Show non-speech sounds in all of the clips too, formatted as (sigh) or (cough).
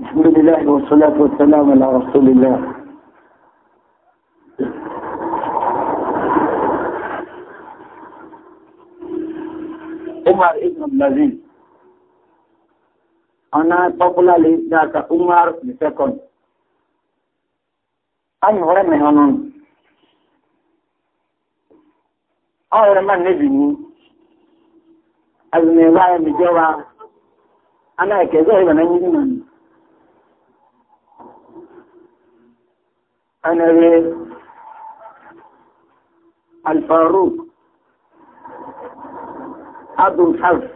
الحمد لله والصلاة والسلام على رسول الله Umar ibn Abdulaziz أنا popularly ذاك Umar the second أنا هو من هنون أول ما نبني أزمي واي مجوا أنا كذا هنا نجي أنا الفاروق أبو الحف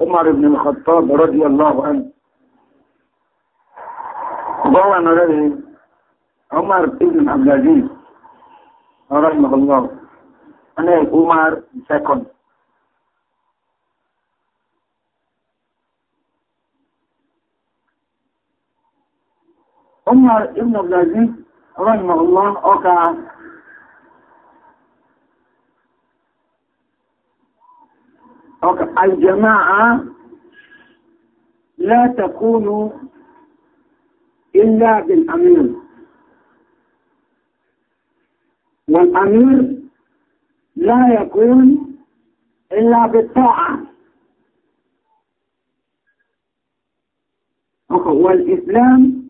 عمر بن الخطاب رضي الله عنه وهو أنا عمر بن عبد العزيز رحمه الله أنا عمر سكن عمر بن عبد العزيز رحمه الله أوكا أوكا الجماعة لا تكون إلا بالأمير والأمير لا يكون إلا بالطاعة والإسلام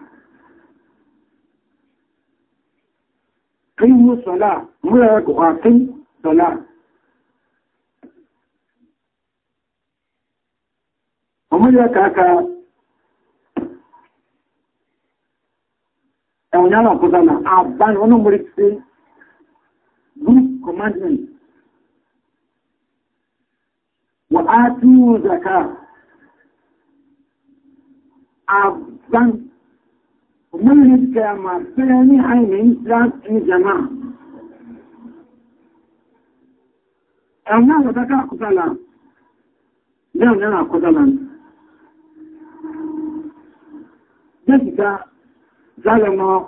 kíwú sọ́lá múra gọ̀wà kín sọ́lá ọmọdé kàkà ẹ̀wọ̀n yára kọ́ta na àbáyé wọn mú rí sí commandment wà á tí wọ́n ومن كما تلاني عين إنسان في جماعة أنا وذكا قتلا لأن أنا قتلا ذلك ظلم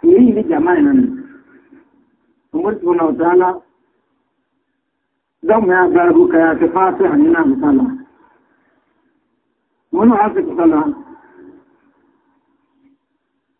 في جماعة ومرت بنا وتعالى دم يا قلبك يا كفاتح من الله تعالى منو عاقب صلاه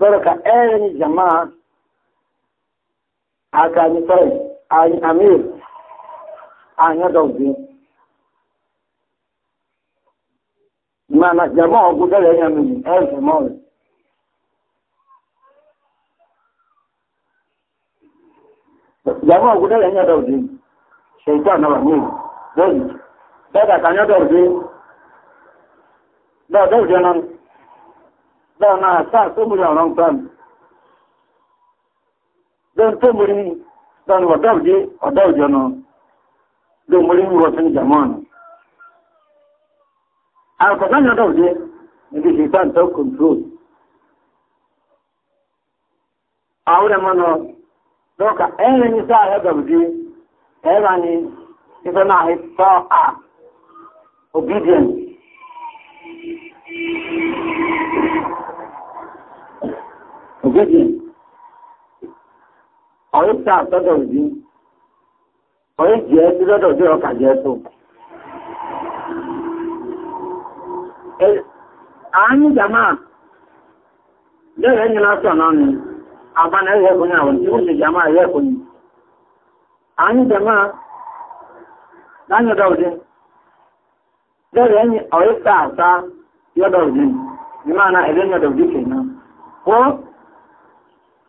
baraka ɗayan eh, jama'a a kami farai a yi amir a yi dauzi mana jama'a guda da yi amir ɗayan jama'a jama'a guda da yi dauzi shaitan na wani dauzi daga kan yi dauzi da dauzi nan dáná sáà tó múrí ọ̀rọ̀ ń fẹ́m lọ́n tó múrí lọ́n ọ̀dọ́ọ̀dẹ́ ọ̀dọ́ọ̀dẹ́ ọ̀nà ló múrí ń wọ́n sí jamani àkọ́kọ́ ní ọ̀dọ́ọ̀dẹ́ níbi ṣe sáà tó kọ̀ntrol àwọn ẹ̀mọ́ ka lọ́kà ẹ̀rẹ́ ní sáà ẹ̀dọ̀ọ̀dẹ́ ẹ̀rọ ni ìfẹ́ náà obedience ògèdè ọ̀rẹ́ tà sọ́dọ̀ òdì ọ̀rẹ́ jẹ́ sí lọ́dọ̀ tí ọkà jẹ́ tó. àánú jàmá lẹ́rẹ̀ ẹni lásán náà ni àbáná ẹ̀yẹ́ kò ní àwọn tí wọ́n jàmá ẹ̀yẹ́ kò ní. àánú jàmá lányọ̀dọ̀ òdì lẹ́rẹ̀ ẹni ọ̀rẹ́ tà sá yọ̀dọ̀ ní máa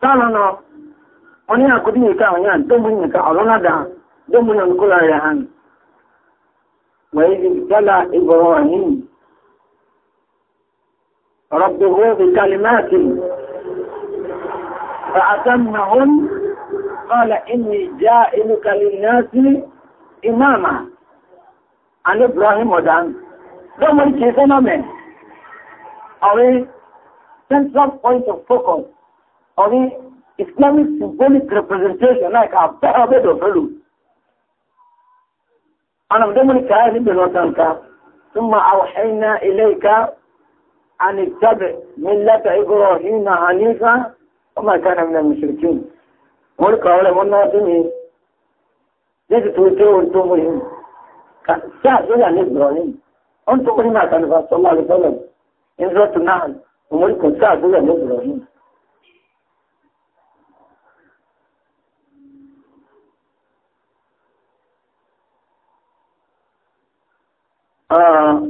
sana no oni na kudi ni ka onya dombu ni ka alona da dombu na kula ya han wa idhi tala ibrahim ربه بكلمات فأتمهم قال إني جائلك للناس إماما عن إبراهيم ودان دوما كيف نعمل أو central point of focus ọ̀rí islamic symbolic representation like abẹ́rẹ́ ọ̀fẹ́lú anamdémọ́ni káyà níbi lọ́tàǹkà túnmọ̀ àwọ̀hẹ́nà ilé ìka anìtàbẹ̀ mílẹ́tà ìgbọ́rọ̀ ìnà hanifa ọmọ ìkànnà mi nàmi ṣìrìkì wọ́n kà ọ́lẹ̀ wọ́n náà tún mi lẹ́sì tó tó ohun tó mọ̀ yìí sáà tó yà ní ìbìrọ̀lẹ́yìn wọ́n tó mọ̀ yìí máa kànífà sọ́lá àlùfọ́lẹ̀ ìnzọ́tù náà òmòrìkùn sáà tó آه.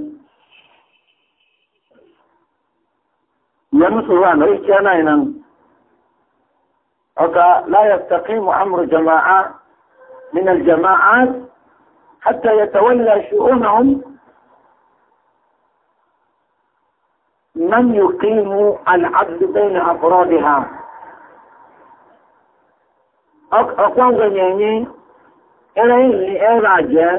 يمسه أمري كان إنن لا يستقيم أمر جماعة من الجماعات حتى يتولى شؤونهم من يقيم العدل بين أفرادها أقوى غنيني إلي إيه؟ إلي إيه راجع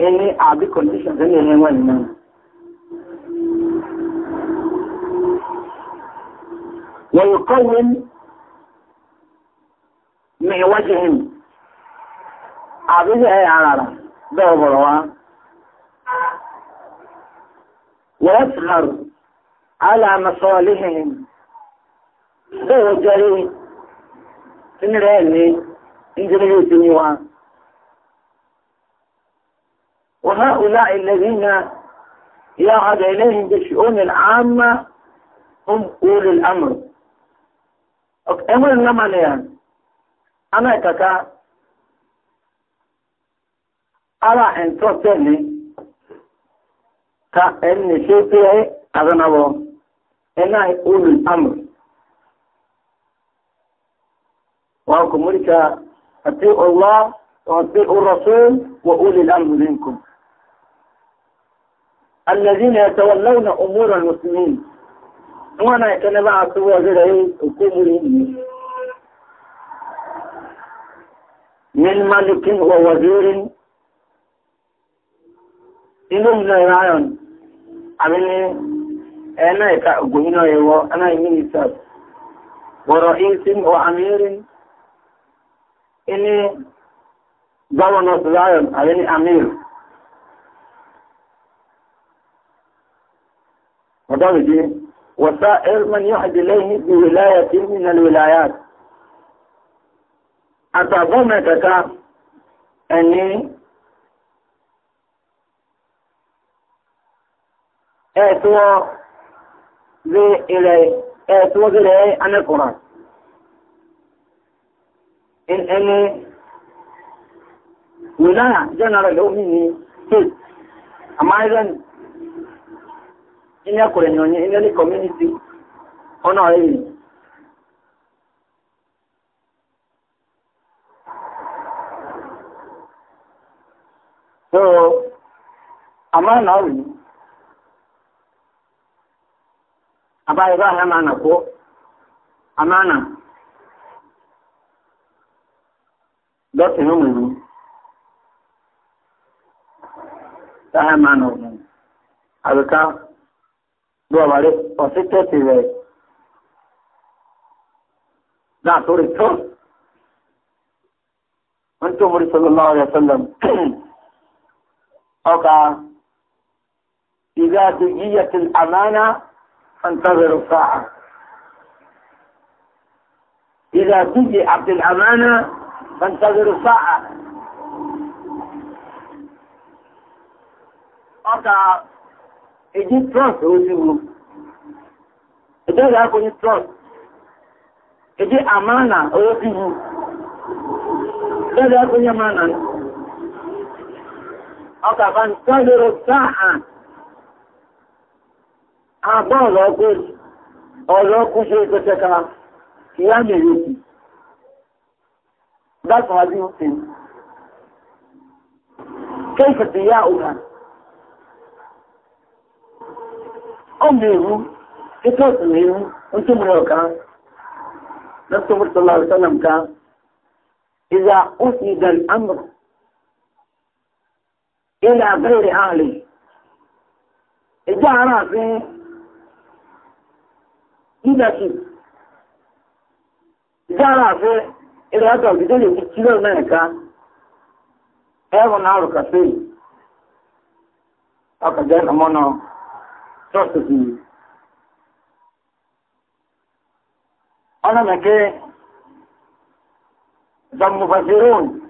any other conditions than anyone knows. ويقوم من وجههم عبيد اي عرارة دو بروا ويسهر على مصالحهم دو جري تنريني انجريوتني وان وهؤلاء الذين يعد إليهم بالشؤون العامة هم أولي الأمر أمر لما ليان يعني؟ أنا كتا أرى أن تصلي كأن شيء أغنبه أنا أولي الأمر وأنكم ملك أطيعوا الله وأطيعوا الرسول وأولي الأمر منكم الذين يتولون أمور المسلمين وانا يتنبع سوى جرعي حكومهم ايه؟ من ملك ووزير إنهم لا يرعون عملي أنا يتأقوين ويوا أنا يمين إساب ورئيس وأمير إني ضوى نصدعهم عملي أمير فضل وسائر من يعد إليه بولاية من الولايات أتظن كتا أني أتوا ذي إلي أتوا ذي إلي أنا القرآن إن أني ولاية جنرال أميني أما إذا ini akụrụ onye ini ndị kọmuniti ọ na-eyi so ama na ọrụ abaghị ba anya ma na ama na ụmụ ahịa ma na دو واري او ستة تيوي نعم توري تور انتو مري صلى الله عليه وسلم اوكا اذا دجيت الامانة فانتظروا الساعة اذا دجي عبد الامانة فانتظروا الساعة اوكا eji trọst ozugbo ejeghị akụ onye trọst eji amana ozugbo ejeghị akụ onye mana ọka fa ntọdụrụ saa abụọ ọlọkụ ọlọkụ ṣe ekoteka ya mere otu that's how I do things. كيف ọ bụ iwu ike otu na iwu otu gburu ọka na tụbụrụ sallallahu alaihi wasallam ka iza usida al-amr ila ghairi ara fi leadership ìjà ara fi ilẹ̀ ọ̀tọ̀ òdìdó lè fi kílọ̀ náà ká ẹ̀rọ náà rò kàfé ọkọ̀ jẹ́ ìrànmọ́ ترتدي أنا مكي ذا مفسرون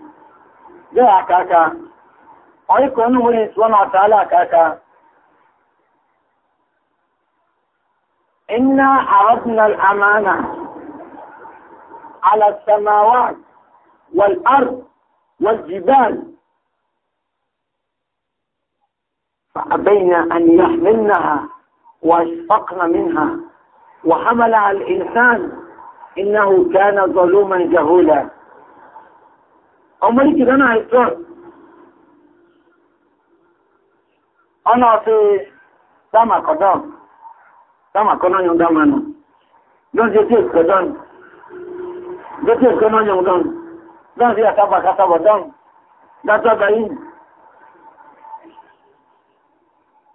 جاء كاكا أيكو أنه مري سبحانه وتعالى كاكا إنا عرضنا الأمانة على السماوات والأرض والجبال أبين أن يحملنها واشفقن منها وحملها الإنسان إنه كان ظلوما جهولا أمريكي أنا عيطان أنا في سما قدام سما قدام يوم دامنا لن جتيس قدام جتيس قدام يوم دام لن جتيس قدام يوم دام لن جتيس قدام يوم دام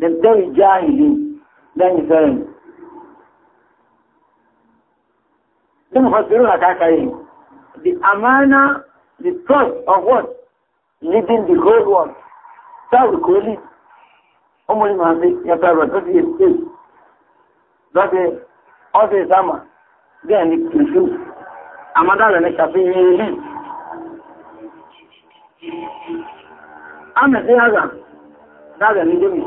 then very jahili then is very then Mufassirun are carrying the amana the trust of what leading the whole world that we call it ọmọlẹ́ máa ń ya pẹ̀lú ọ̀tọ́ sí èsì lọ́sẹ̀ ọ̀sẹ̀ ìsámà bẹ́ẹ̀ ni kìrìsù àmàdàrẹ̀ ní ṣàfihàn ilé àmì sí àgbà dáadáa ní jẹ́mìí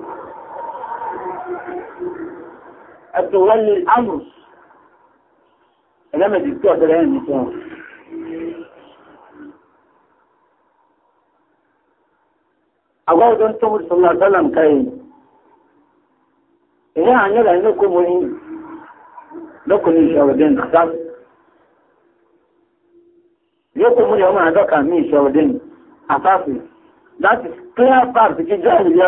ẹ̀tọ́ wọ́n lè ámù ẹlẹ́mẹ̀dì tí ọ̀tẹ́rẹ́ ẹ̀mí fún ọ. Àwọn ọdọ́ ń tọ́mù sọ́lá sálàm káyìí. Ìyá àyẹ́rẹ̀ inú kó mọ́ yìí lọ́kùnrin ìṣọ̀rọ̀dẹ́n sáà. Yóò kó mú ní ọmọ àdọ́kà ní ìṣọ̀rọ̀dẹ́n àfáàfì. That clear fact kí jẹ́ ìyá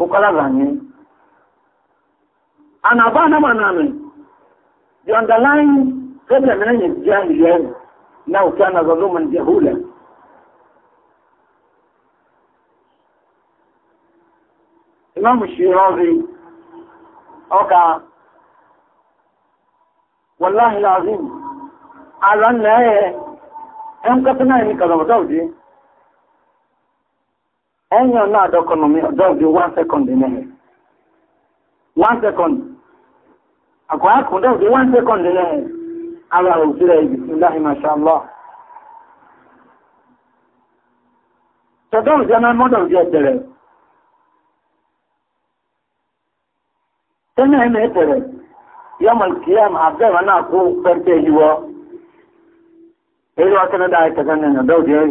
ukala zanyi. And abana manami, the underlying problem is jahiliya. Now kana zaluman jahula. Imam Shirazi, oka, wallahi lazim, alan na ye, em katana ni kaza wadawdi, enyo na adokonomi just be one second in here one second akwa akụ just be one second in here ala osire bismillah mashallah tọdọm jẹ mọdọm jẹ tẹrẹ tẹnẹ ẹ mẹ tẹrẹ yọmọ kìíyàm abdẹmọ náà kó pẹntẹ yìí èyí wọn kẹne dáa kẹsàn-án ẹyìn.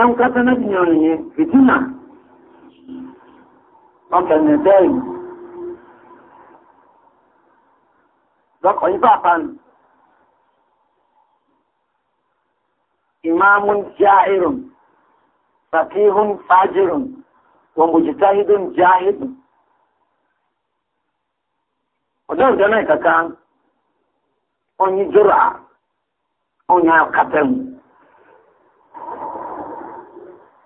ẹ̀hún kẹta náà jìyàn yìí fìtínà ọkẹ̀nẹ̀ dẹ́yìn lọ́kọ̀ yìí bá pàánù ìmáàmù jáírùn fàkíhùn fàájírùn wọn bò ọjọ́ ìjọ náà kàkà onye jùrà onye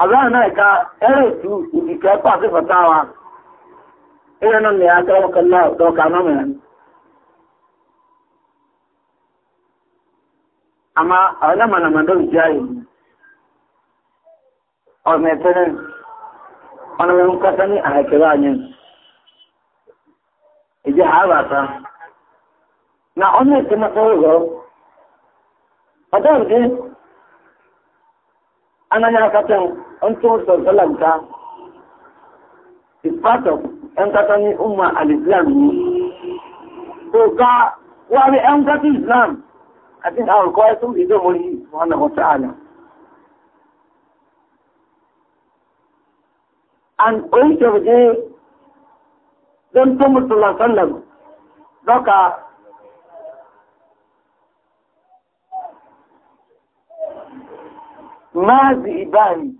abdullahi náà ka ẹrẹ tu ìdìkẹ́ pàṣẹ fata wa ẹrẹ náà ní akẹ́wọ́ kẹlẹ́ ọ̀dọ́ka náà mẹ́rin. àmà àwọn náà mọ̀nà mọ̀dọ́ ìjà yìí ọ̀nà ẹ̀tẹ́rẹ́ ọ̀nà mẹ́rin kọ́sẹ́ ní àhẹ́kẹ́wọ́ àyẹn ìjẹ́ àbàtà na ọ̀nà ẹ̀tẹ́rẹ́ unto sallallahu is part of ‘yan kasa al-islam ni. To ka wari ‘yan kasa islam a cikin awurko ya sun ido muri wanda wata ala. An oyi kyauce don tun musulman sallam doka ma zibani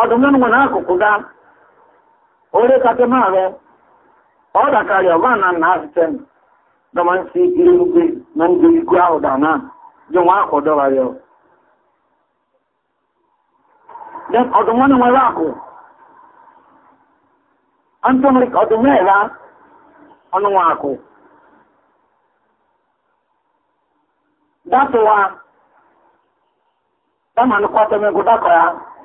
ọdụmnụ nwere akụkụ ga onye kacha m arụ ọ dakarị ọba na nna asịte m dọmasị irugwe na ngwurigwe ahụ da na ji nwa akwụ dọrọ ya then nwere akụ antọmrik ọdụmnụ era ọnụ nwa akụ datụwa dama nkwata megụ dakọ ya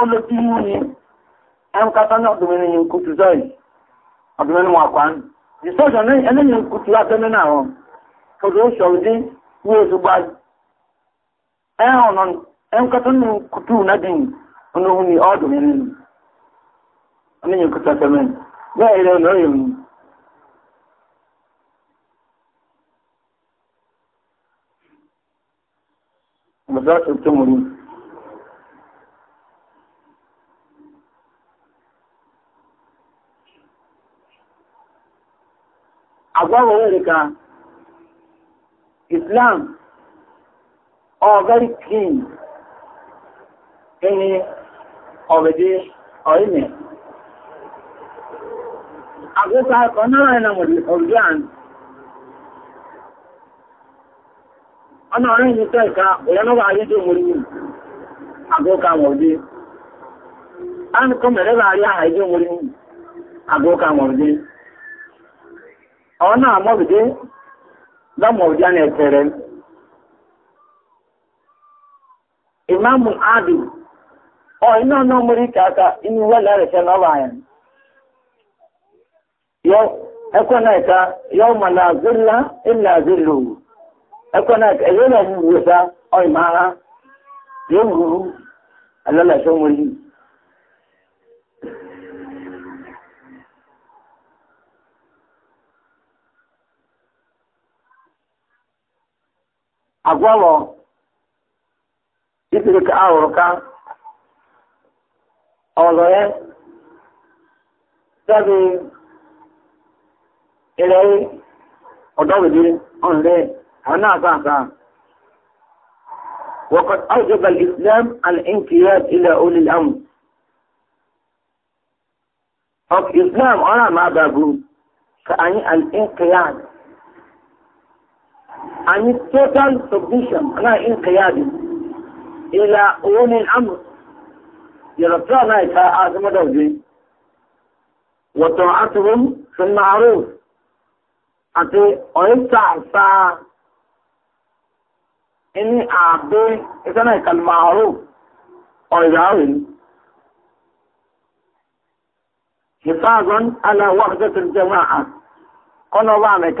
olóti yíwú ni e ní ọdúnmẹ́ni yìí kùtù zọ́ọ̀yì ọdúnmẹ́ni wọn na ní ìsọ́jọ́ ní ẹlẹ́yìn kùtù atẹ́mẹ́ náà wọn tòdó sọ̀rọ̀ dé ní nọ ẹnkata ní ni ni ẹlẹ́yìn agwaghị nwere ka islam ọ very clean ihe ọbịdị ọime agwụka ka ọ nara na nwere ọbịdị ọ na-ọrụ ka onye nọ ga nwere iwu agụka nwọdị a ọ na-amọbide lọmọbide a na-etere imamu adi ọ iná náà mórí kàkà inú wẹ́lẹ̀ rẹ̀ fẹ́ lọ́wọ́ àyàn yọ náà ẹka yọ mọ̀lá àzílá ilẹ̀ àzílò náà ẹka ẹyẹ náà wúwo ọ yóò agwọlọ isiri ka ahụrụ ka ọzọ ya sẹbi ilẹ̀ ọ̀dọ́wìdì ọ̀nlẹ̀ àwọn وقد أوجب الإسلام الانقياد إلى أولي الأمر. أو الإسلام أنا ما بقول كأني الانقياد and with total submission na inqiyadi ila ulul amr yarabta na ka azama dauji wa ta'atuhum fil ma'ruf ati oyta sa ini abe isana حفاظا على وحدة الجماعة قلوا بعمك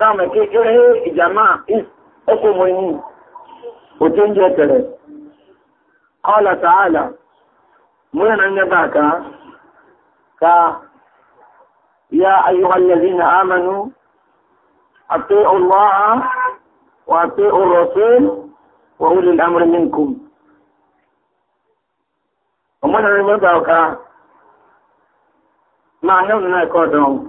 dáàmù kí eré ìjàmá ọkọ̀ mọ̀ ní òtún jẹ́ tẹ̀rẹ̀ kọ́lá tààlà múlẹ̀ na ń ka ka ya ayyuhallazi na amanu àti ọlọ́ha wà àti ọlọ́fẹ́ wà wùlẹ̀ lámùrẹ̀ minkum ọmọdé rẹ̀ mọ́ta ọ̀ka máa náà nínú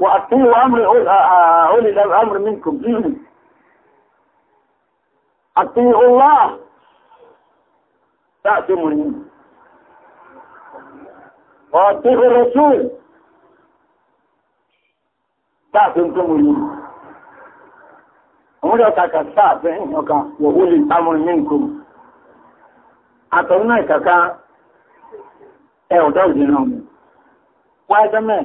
وأطيعوا أمر أولي الأمر منكم أطيعوا الله تعتموني وأطيعوا الرسول تعتموني Àwọn ọ̀kàkà sáàfẹ́ ọ̀kà wọ̀wó lè támọ̀ ní nǹkan. Àtọ̀rún náà ìkàkà ẹ̀ ọ̀dọ́ ìdínà mú. Wáyé dẹ́mẹ̀ẹ́.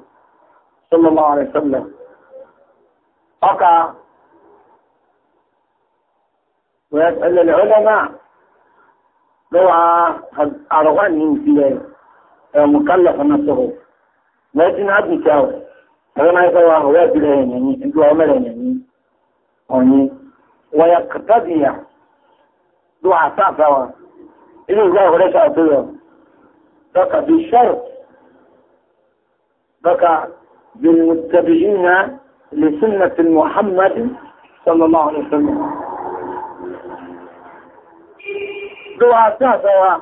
صلى الله عليه وسلم وقع ويسأل العلماء لو قد أرغان ينسي مكلف نفسه لكن أبني كاو أنا يقوى أنا يبلين يعني أنتوا أنا يعني يعني ويقتدي دعاء صعبة إذا الله لك أطيب بقى بشرط بقى بالمتبعين لسنة محمد صلى الله عليه وسلم دعاء ساسا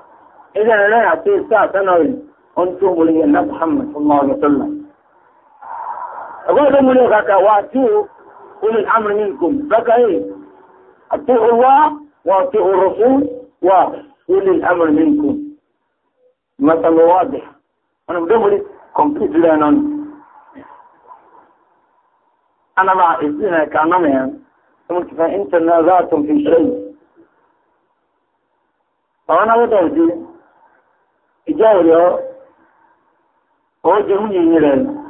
إذا لا يعطي ساسا ثانوي أنتم لي محمد صلى الله عليه وسلم أقول لهم لك وأتيوا أولي الأمر منكم لك إيه أطيعوا الله وأطيعوا الرسول وأولي الأمر منكم مثل واضح أنا لك كومبليت لأنه أنا مع إذنها كأنمها قلت فأنت تنازعتم في شيء فأنا أقول دي إجاوة له هو جميع نيرين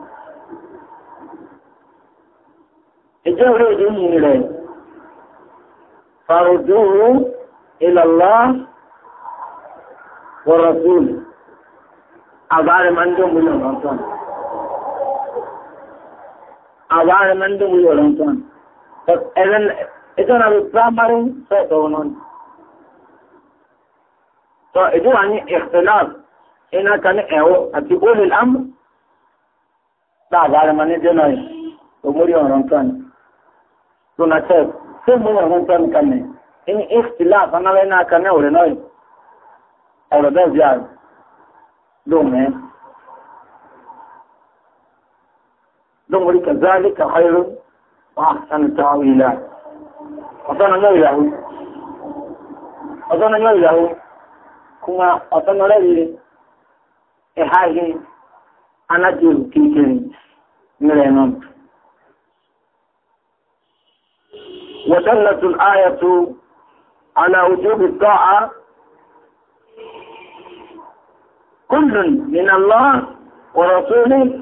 إجاوة له جميع نيرين فردوه إلى الله ورسوله أبعد من دون بلون أصلا environment we were on. But even it's on our primary set on. So it was an اختلاف إن كان أو أتقول الأمر لا بعد ما نجناي ومري on كان. So na chef same way on كان كان. إن اختلاف أنا وين كان أو رناي. أو ردا زياد. دوم ذلك ذلك خير وأحسن تأويلا له نويله أنه له كما أصلا له إحاجة أنا جيب كيكين مرينون ودلت الآية على وجوب الطاعة كل من الله ورسوله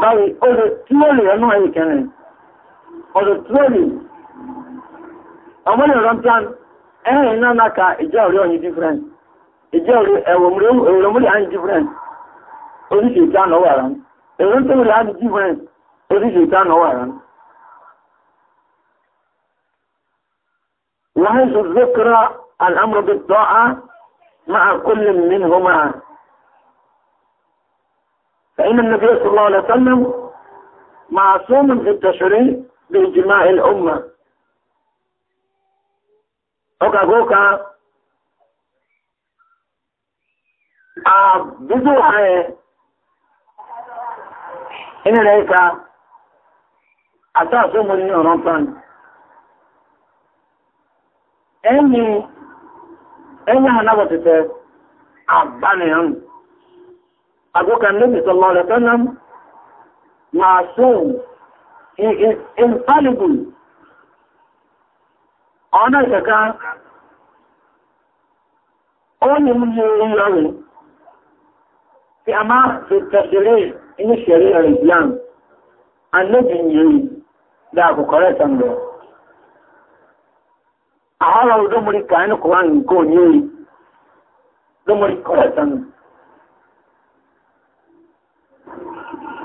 báyìí ó lè túwọ́lì ẹnu ẹ̀yìn kẹrin ọ̀dọ̀ túwọ́lì ọmọlẹ̀ rọ́ntán ẹ̀yìn iná náà ka ìjẹ́ orí ọ̀yìn different ìjẹ́ orí ẹ̀wọ̀múlẹ̀ àyìn different oríṣi ìta wà rán ẹ̀rọ àyìn different oríṣi ìta wà rán. فإن النبي صلى الله عليه وسلم معصوم في التشريع بإجماع الأمة أوكا أوكا آه، بدوحة إن ليك أتعصم لي رمضان أني أني أنا بتتعب أباني أنت Agokan Nabi sallallahu alaihi wasallam masoom. He is infallible. Ọ̀nà ìkẹ̀kà ó ní mú ní orí ọrùn tí a máa fi tẹ̀sẹ̀rẹ̀ inú ṣẹ̀rẹ̀ ọ̀rẹ̀ Islam. Annabi yìí dáàkù kọ̀rẹ́ sàmùrẹ̀. Àwọn ọ̀rọ̀ ọdún mú rí kàánù kọ̀wàá nǹkan ní orí. Lọ́mọ rí kọ̀rẹ́ sàmùrẹ̀.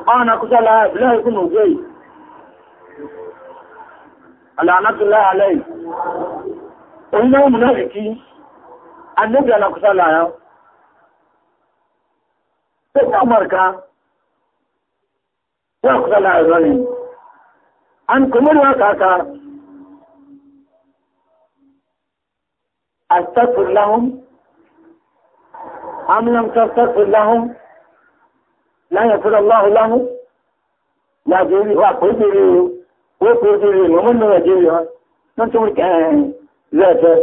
أنا كسلا لا يكون وجهي لعنة الله عليه إنه منافقي النبي أنا كسلا يا تبقى مركا يا كسلا يا غني أن كمل وكاكا أستغفر لهم أم لم تستغفر لهم láyé fún ọlọ́run lọ́mú nàìjíríà wà pé ìdírí o ó pé ìdírí o mọ́ ní nàìjíríà wọ́n tún kẹ́hìn lẹ́ẹ̀fẹ́.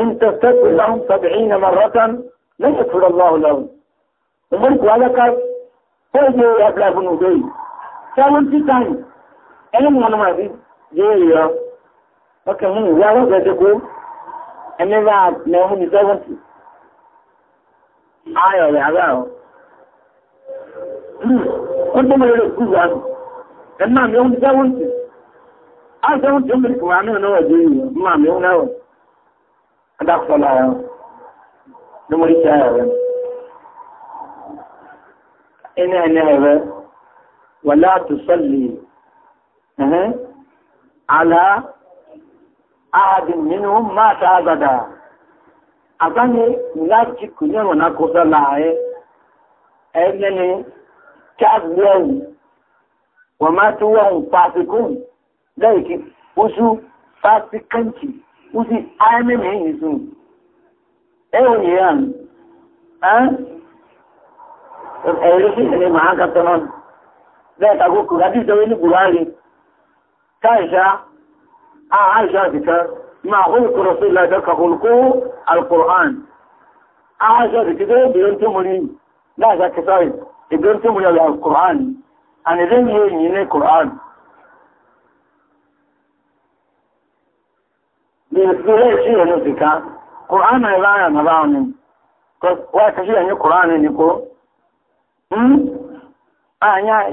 إن تستكبر لهم سبعين مرة لا يغفر الله لهم. ومن قال لك فوجي أبلا بن أبي seventy times ẹni mọ̀ ní màá fi jẹ́ èrè ọ́. ọkàn mú ayọ̀ yàrá ọ̀. Wọ́n tó mẹ́rẹ̀ kúrò àmì, ẹ̀nà àmì ohun jẹ́wọ́n tí. A jẹ́wọ́n tí ó mẹ́rẹ̀ kúrò àmì ọ̀nà ọ̀dọ́ yìí, mọ́ àmì ohun náà. Adáfọ́lá ọ̀, ló mọ̀ ìṣẹ́ ayọ̀ ààdì nínú máa ta àgbàdà agane láti kùnyẹ wọn akọsọ láàyè ẹnìní káàgbéwù wọn máa tún wọn pàṣẹkùn lẹ́yìn oṣù pàṣẹkànjì oṣù ayẹmẹmẹ yìí sùn ẹwọn yìí hàn ẹ̀rí sí ìsinmi màá kàtọ náà bẹ́ẹ̀ tàgó kù láti ìjọba ní buhari káàṣá àìṣá àtìkà máa hó ìkọrọ sí ìlàjọ kàkólkó alkur'an a hasa da kiga yadda yan tumuri na za ka sai idan tumuri al alkur'an an idan yi yi ne kur'an da ya fi rai shi wani fika kur'an na raya na ba wani wa ka shi yanyi kur'an ne ko a ya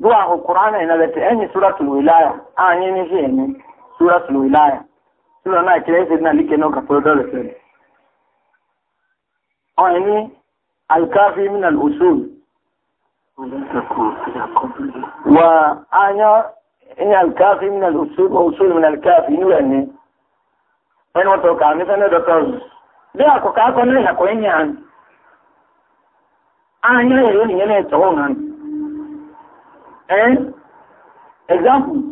zuwa kur'an na da ta yanyi suratul wilaya a yanyi ne shi yanyi suratul wilaya sura na kire sai na like no ka fodo da sai o ni al-kafi min al-usul wa anya ni al-kafi min al-usul wa usul min al-kafi ni wani en wato ka ni sanar da ta bi ako ka ni ko ni ni ne to nan example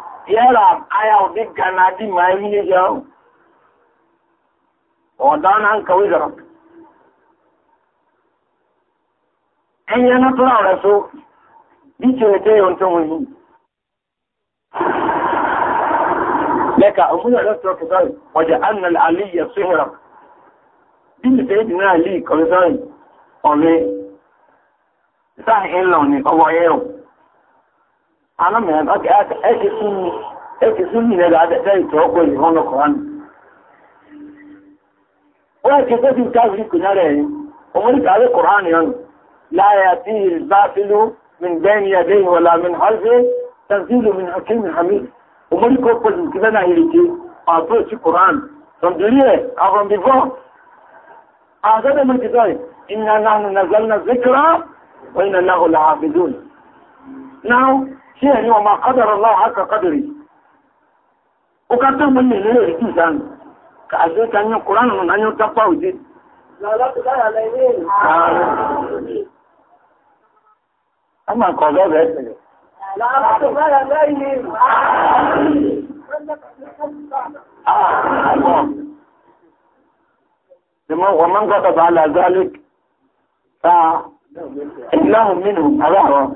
a aya udi gana di a ni yau o dana ka wi zara en yana tura da so di ce te yon to mun leka amun da waje anna al aliyya sihra din da yadda na ali ka sai ole sa hin launi yau أنا ما أبغى أك أكسوني أكسوني لا بعد ذلك توقعي هون القرآن وأكيد أنت تعرف كنا رأي أمريكا على القرآن يعني لا يأتي الباطل من بين يديه ولا من خلفه تنزيل من حكيم حميد أمريكا قد كذا نهيك أعطوه في القرآن تنزيله أفهم بفهم أعطوه من كذا إننا نحن نزلنا ذكرى وإننا له لعابدون Now, shi ne wa ma kadara Allah haka kadari ukatar mun ne ne yake san ka aje kan yin Qur'an mun an yi tafa uji amma ko ga ba ne ومن غضب على ذلك فإله منهم أبعه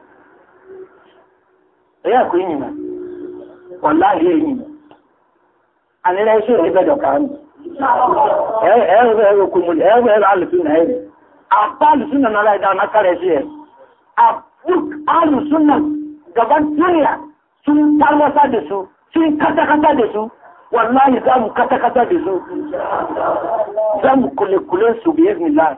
ya ku yi ma wallahi ya yi ma a nira shi ya ibe da kanu ya yi e, zai e, e, ku muli ya zai alu suna ya yi a ba alu suna na lai na kare shi ya a duk alu suna gaban duniya sun tarwasa da su sun kata-kata da su wallahi za mu kata-kata su za mu kule-kule su biyar milan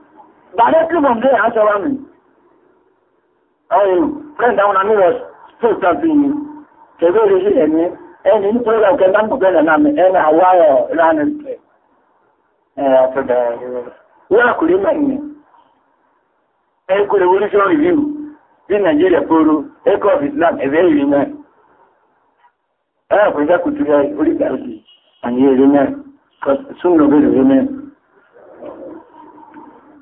directly from there actually ọyìn friend àwọn àmì rẹ still tàbí ni kẹfẹ rẹ sí ẹni ẹni ní program kẹta ń bọ̀gẹ́ nà mí ẹni àwa ẹ̀ ránì ẹ̀ ọ̀fẹ́dà wọ́n àkùrẹ́ mà ní ẹ̀kọ́ revolution review ní nàìjíríà poro ẹ̀kọ́ of islam ẹ̀fẹ́ ìrìn náà ẹ̀ àpẹẹsẹ̀ kùtù rẹ̀ orí kàrùkì àyè ìrìn náà soon lọ́gbẹ̀rẹ̀ be náà.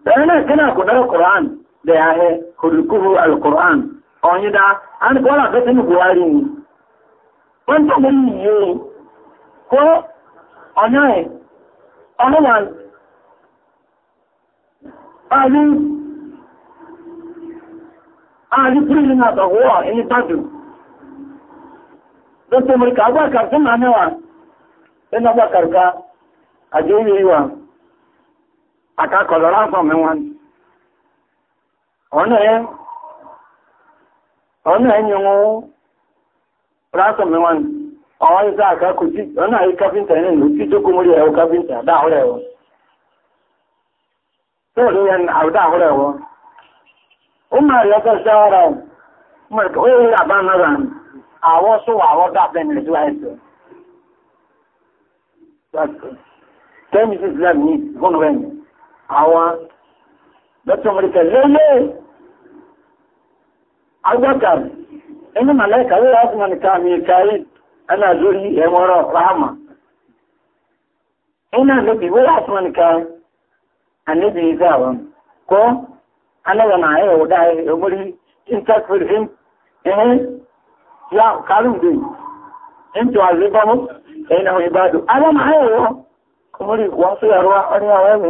tana kana ku daga Qur'an da ya he hulkuhu al-Qur'an on yi da an kola ga tun buwari ne wanda mun yi ko onai onan ali ali prilin na da wa ni tadu don to mun ka na ne wa ina karka a jeri wa ọna lásán mi wọn ọ̀nà ẹ̀yìn wọn lásán mi wọn ọwọ́ ìsá àkákò tí ọ̀nà àyí káfíntà ní ìlú tí tó kó mórí ẹ̀wọ̀ káfíntà dáhùrẹ̀ ẹ̀wọ̀ tó rí ẹn àwùdáhùrẹ̀ ẹ̀wọ̀ ó máa rí ọkọ̀ sí ọ̀rọ̀ mọ̀rẹ̀kọ̀ ó rí àbánára àwọ́ awọ Tell me this love àwọn lọ́tọ̀mọ̀ríkà lélẹ̀ agbáka inú màláìkà lórí asùnmọ̀nì káàmì ìkáyí ẹ̀nà lórí ẹ̀mọ́rọ̀ rahama iná lóbi wọ́n asùnmọ̀nì káàmì àníbi ìzáwọn kọ́ anáwọn àyẹ̀ him ya kárùndé into azibamu sí ẹ̀rọ ọ̀rẹ́ àwọn ẹ̀mí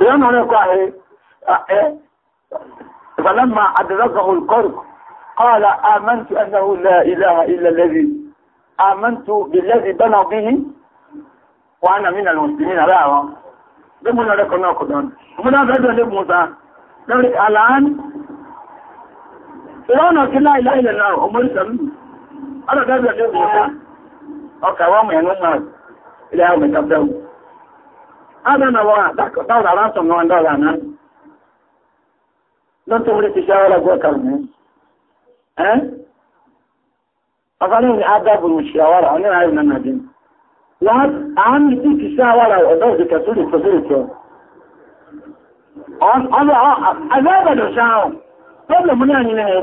ìyọ́nà rẹ̀ kọ́ ẹ̀ فلما أدركه القرب قال آمنت أنه لا إله إلا الذي آمنت بالذي بنى به وأنا من المسلمين رأوا لمن ركنا قدون من هذا لموسى lórí àlàán ìrọ́nà kí láìlá ilẹ̀ náà ọmọrítàmí ọlọ́dẹ́bẹ̀ẹ́ ọkà wọ́n mẹ́rin náà ilẹ̀ àwọn mẹ́tàbẹ̀wò Azụ ahụ na ụlọ nwaanyị dọọrọ alasọ na ọ ndọọrọ anaghị. Lọtumuri kpuchiri awara ọgwọ ọkara ahụ. E. Ọfaranye abụọ abụrụ n'usia awara, onye ghara ịrị na n'adị. Lọt ahụ ndị kpuchiri awara ọzọ dị ka n'ụlọ ụtọ dị ụtọ. Ọzọ ndị ọzọ ndị ọzọ ndị ọzọ ndị ọzọ. Tọmza mmiri anyị niile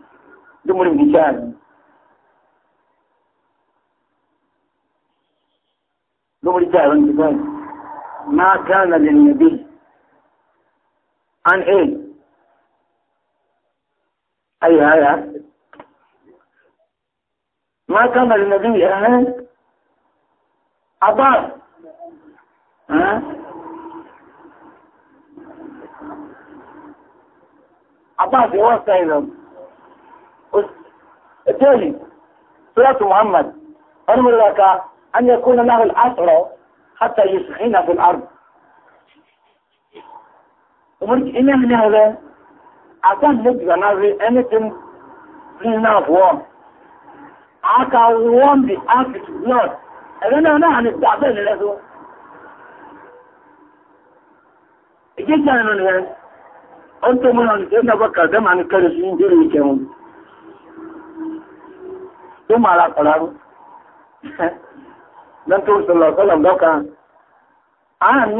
دمر بكان دمر كان ما كان للنبي عن ايه اي هذا ما كان للنبي عن عبار ها عبار في وسط الثاني سورة محمد أمر لك أن يكون له الأسرى حتى يسخن في الأرض ومرك إن إيه من هذا أكان مجزة نظري anything clean up warm أكا warm the act blood أنا أنا عن التعبير لذو إجيت أنا من هذا أنتم من أنت أنا بكر دم عن الكرسين ديري كمون tó máa ra kọ̀lárú lọ́tọ́ ìṣẹ̀lẹ̀ ọ̀sọ́lọ̀ lọ́ka àárín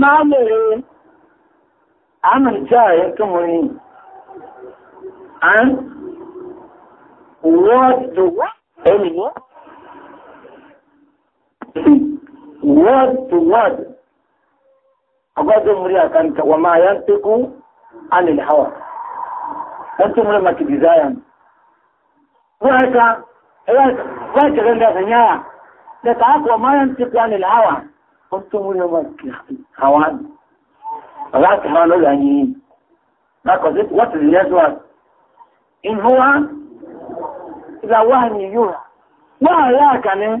náà a máa lèrè àmìn jẹ́ àyẹ́ tó mú ní àán wọ́n dùn wọ́n word to word agwazo muri akanta wa ma yantiku anil hawa wanto muri makibizayan waka waka ganda sanya da ta akwa ma yantiku anil hawa wanto muri hawa za ka hawa lo yanyi na ko zit what is the next word in huwa ila wahni yuha wa ya kanin eh?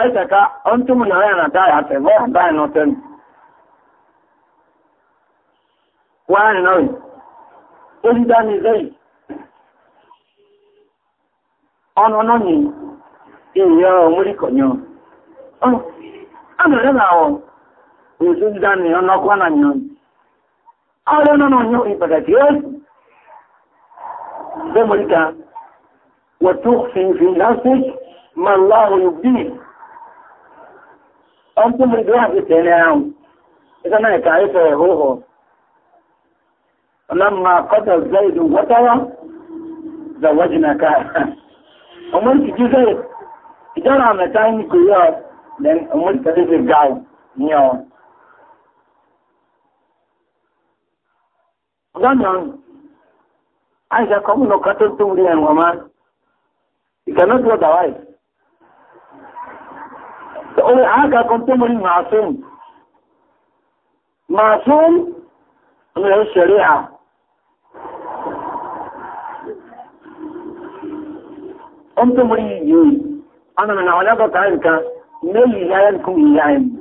aisaka antum na ya na ta ya ta ba ba no ten wani no in da ni zai ono no ni iyo muri konyo oh amara na o uzu da ni ono kwa na nyo ala no no nyo ibaga yes ka e wa tukhfi fi nafsik ma Allah yubdih ọ̀pọ̀ mú ìdúrà sí tẹ̀lé àrùn ìṣẹ́ náà ìka ìfẹ́ ìhóhò ọlọ́mà kọ́tà zaidu wọ́tọ́wọ́ zawajina ká ọmọ ìtìjú zai ìjọra àmẹ́ta ní kò yọ then ọmọ ìtìjú zai gáwù ní ọ ọgọ́nà àìsàn kọ́mùnà ole aka كنتم من معصوم معصوم من الشريعة أنت مريدين أنا من علاقة عنك مليانكم إياهم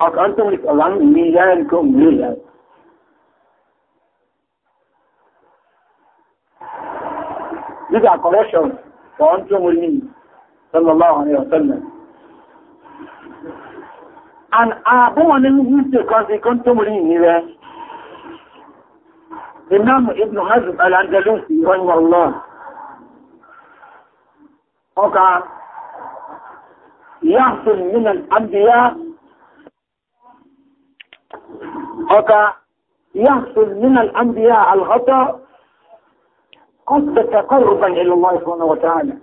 أك أنت مريد الله مليانكم مليان لذا قرشوا وأنتم مريدين صلى الله عليه وسلم an àbúwọn ní wíṣẹ́ kan sí kan tó múrí ní rẹ̀ imamu ibn hazm al-andalusi rọ́nyà allah ọka yáàfin minan ambiya ọka yáàfin minan ambiya alhata قد تقربا الى الله سبحانه وتعالى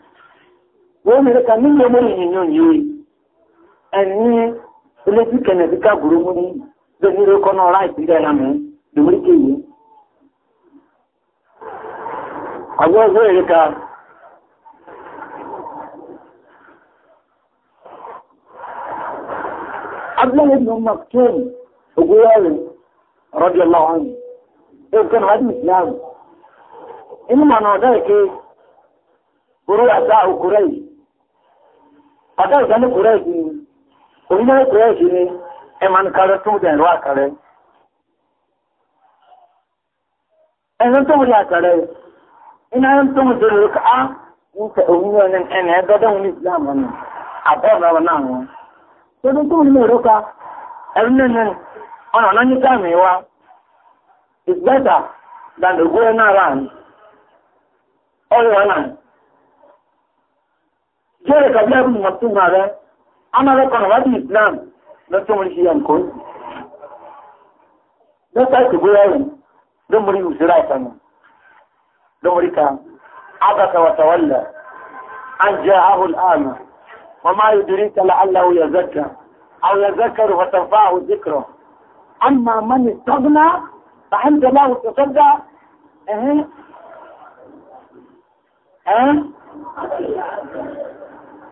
ويقول لك من يمر من يونيوي اني ilé tí kẹ̀nẹ̀ tí káàkiri mú ní lójúlé kọ́ náà láì pínlẹ̀ lámẹ́ lórí kéyìí. ọjọ́ ọjọ́ èrè ká abúlé ní maktoum ogúnwárì rọ́díọ̀lá ọ̀hún ẹgbẹ́n hadi islam inú mọ̀nà ọ̀dọ́ ìké burú òkúrẹ́ yìí ọ̀dọ́ yìí e kúrẹ́ẹ̀sì ni ẹ máa ń kárẹ́ tó dẹ̀ ìlú àkàrẹ́ ẹ̀rọ tó wọlé àkàrẹ́ iná ẹ̀rọ tó wọlé lórí ká á ń tẹ òun yóò ní ẹnì ẹgbẹ́dẹ́ wọn ní ìsìlámù ni àbọ̀ọ̀bà wọn náà wọn tọ́jú tó wọlé lórí better than the going around all أنا لك غادي إسلام لا تمري شيئا كل لا تعيش بيان دمري وسراسا دمري كان عبث وتولى أن جاءه الآن وما يدريك لعله يزكى أو يذكر فتنفعه ذكره أما من استغنى فعند الله تصدى أه أه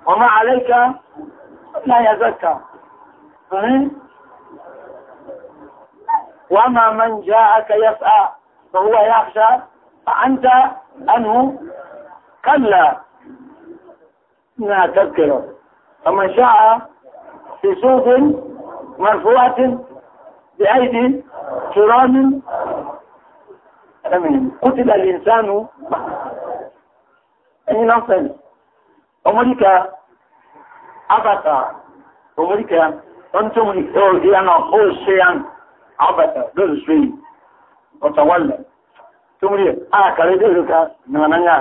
وما عليك لا يزكى وما من جاءك يسعى فهو يخشى فأنت أنه كلا إنها تذكره فمن شاء في صوت مرفوعة بأيدي كرام قتل الإنسان إن نصل أمريكا abata omorika ya ọntụ mụ oge ya na ose ya abata dozu sui ọtawalla tumuri a kare da ruka na nan ya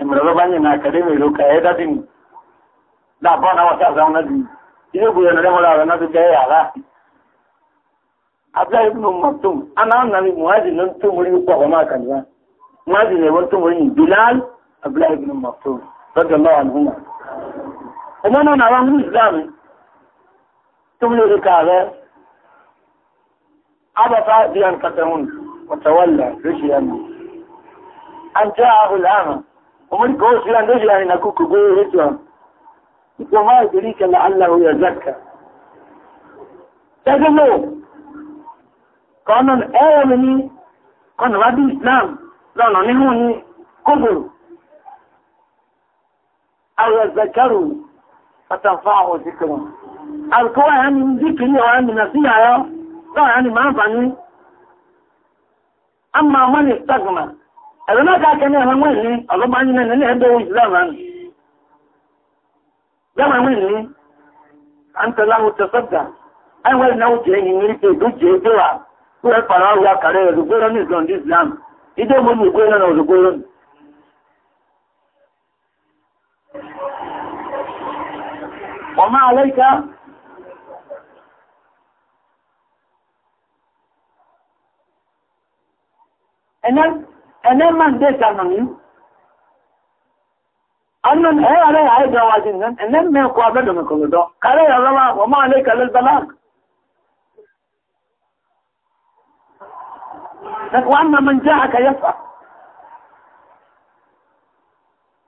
imra ba banye na kare mai ruka ya da din da ba na wata zauna din ile buya na remola na da ya yara abla ibn maktum ana nan ni muhajin nan tumuri ko ba ma kan ya muhajin ne wani tumuri bilal abla ibn maktum radiyallahu anhu ọmọ náà náà wá ń islam tó mú lórí kààrẹ abata bí an katahun watawalla rishi yanu an já ahùlámà ọmọ ní kọwọ́ sílá ní rishi yanu na kúkú góyó rishi yanu ipò máa ìdírí aụk nwaanya aụ ndị tny a di aho aan a na aka n nwan ọgụmn na ne na egbe lam ba nwe nwe na n a aener ne nwụtene ni miri egoji ezi wa kpara ọụwa karịra goo na ilo d islam idị ogbo m ugbo e nọ n zugorod وما عليك أنا من ديت أمامي أنا من على علي عيد وعزين أنا من من كل ده قال يا الله وما عليك للبلاغ وأما من جاءك يسأل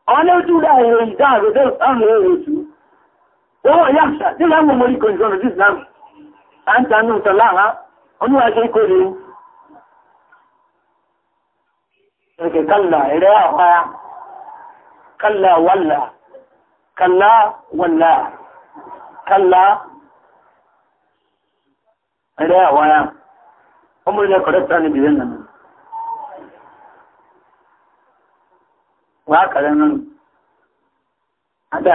أنا أقول لا يريد أن يريد أن Owó yàtà tí láwọn ọmọ ikọ̀ ìjọ́nà sí ìsìlámù. A ń tanú ìtọ̀ láàá, oníwà ṣe ikọ̀ rẹ̀. Ẹ̀kẹ̀ kálà ẹ̀rẹ́ àwá, kálà wàlà, kálà wàlà, kálà ẹ̀rẹ́ àwá. Ọmọ ilẹ̀ kọ̀rẹ́ta ni bìrẹ̀ nànà. Wà á kàrẹ́ náà. Adá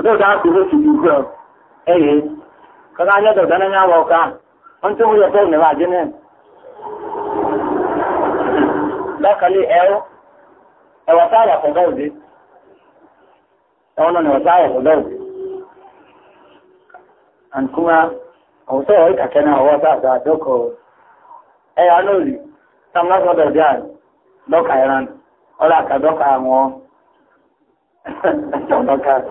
ọdọ ga akụ otu ugbu a eyi ka anya dọga na nya wọka ọntụ nwunye tọ na wa jene dakali ẹwọ ẹwọ ta ya kọga ụdị ẹwọ nọ na ọta ya kọga and kuma ọwụsọ ọrụ kakẹ ka ọwọ ta ta dọkọ ẹyọ anọri tamla sọdọ dị a dọka ẹran ọrụ aka dọka anwụọ (laughs)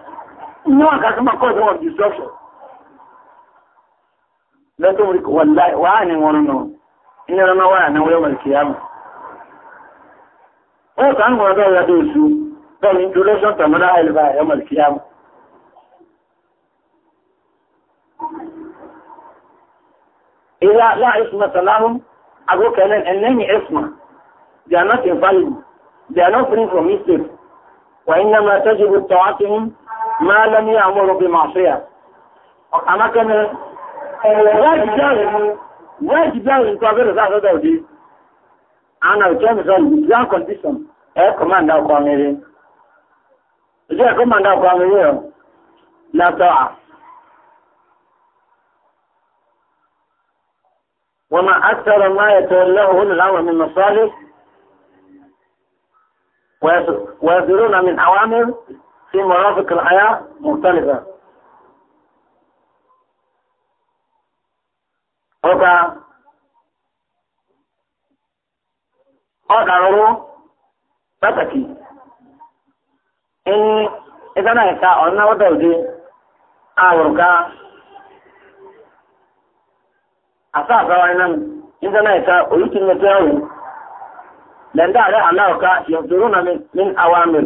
no one can come across one of destruction. Lọ́tọ̀ orí kò wà ní wọn nù, iná ọmọ wà ní wọ́n wọ̀n kìíyàmù. Ó kà ń wọ́n bẹ́ẹ̀ yàtọ̀ oṣù, bẹ́ẹ̀ ni introduction tàmílá àìlúbà ẹ̀yọ́mọ̀ kìíyàmù. Ilá láìsùmọ̀ sàlámù, agókẹ́lẹ̀ ẹ̀lẹ́ni ẹ̀sùmọ̀, they are not infallible, they are not free from mistakes, wà ní ọmọ tẹ́jú ما لم يأمر بمعصية أما كان واجبان واجبان تعبير هذا دولي أنا كان زال زال كونديشن إيه كمان داو كاميري إيه كمان داو كاميري لا طاعة وما أكثر ما يتولاه الأمر من مصالح ويصدرون من أوامر في مرافق الحياة مختلفة ọ أوكا غرو pàtàkì ẹni ẹgbẹ́ náà ẹ̀ka ọ̀nà wọ́tà òde àwòrùká àfáàfáwá iná ẹgbẹ́ náà ẹ̀ka oríṣi mẹ́tẹ́ ọ̀hún lẹ́ndà rẹ̀ aláwọ̀ká yọ̀dúrú na awa awamir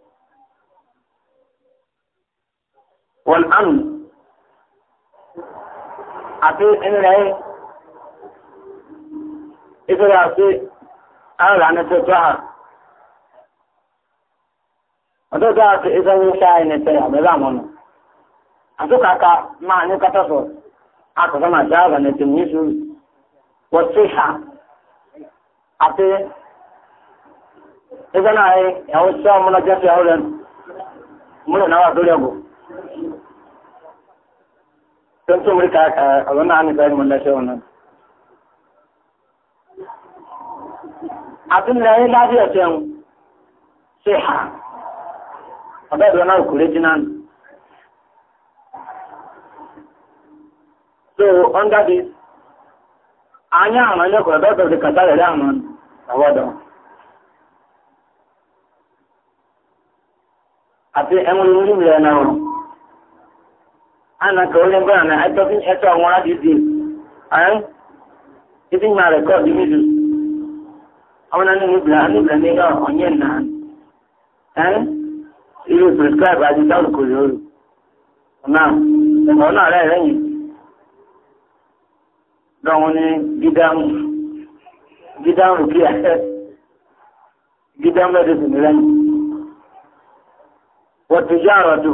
والأمن àti ẹnìyàn yìí ìfẹ́lẹ̀ àti ààrẹ ànẹ́tẹ̀tọ́ à ọ̀tọ́tọ́ àti ìfẹ́lẹ̀ iṣẹ́ àìnẹ̀tẹ̀ àbẹ́lá mọ́nà àtúkàkà máa ní kátàfọ̀ àkọ́kọ́ máa jẹ́ ààrẹ ànẹ́tẹ̀ níṣu wọ́tí ha àti ìfẹ́lẹ̀ àìyàwó sí ọmọlọ́jẹ́ sí ọ̀rẹ́ múlẹ̀ náà wà lórí ọgbọ̀n Tuntun wuri ka a wannan an zai mun lashe wannan. Abin da ya lafiya ce sai ha. Abin da wannan kure jinan. So under this, anya àwọn ilé ọkọ̀ ẹ̀dọ́gbẹ̀ ti kàtà rẹ̀ láàmùn àwọ̀dọ̀. Àti ẹmu ní orí rẹ̀ náà ana ka onye mbara na ẹtọfin ẹtọ àwọn adìdì ẹn títí ma rẹkọọdù mi dù àwọn náà nínú ìgbìlá nínú ìgbìlá nígbà ọ̀nyẹ́ náà ẹn irú prescribe àti táwọn kò lóru ọ̀nà ẹ̀fọ́ náà rẹ̀ rẹ̀yìn lọ́wọ́n ní gídámù gídámù kí ẹ gídámù ẹ̀dẹ́sìn rẹ̀yìn wọ́n ti yára ọ̀tún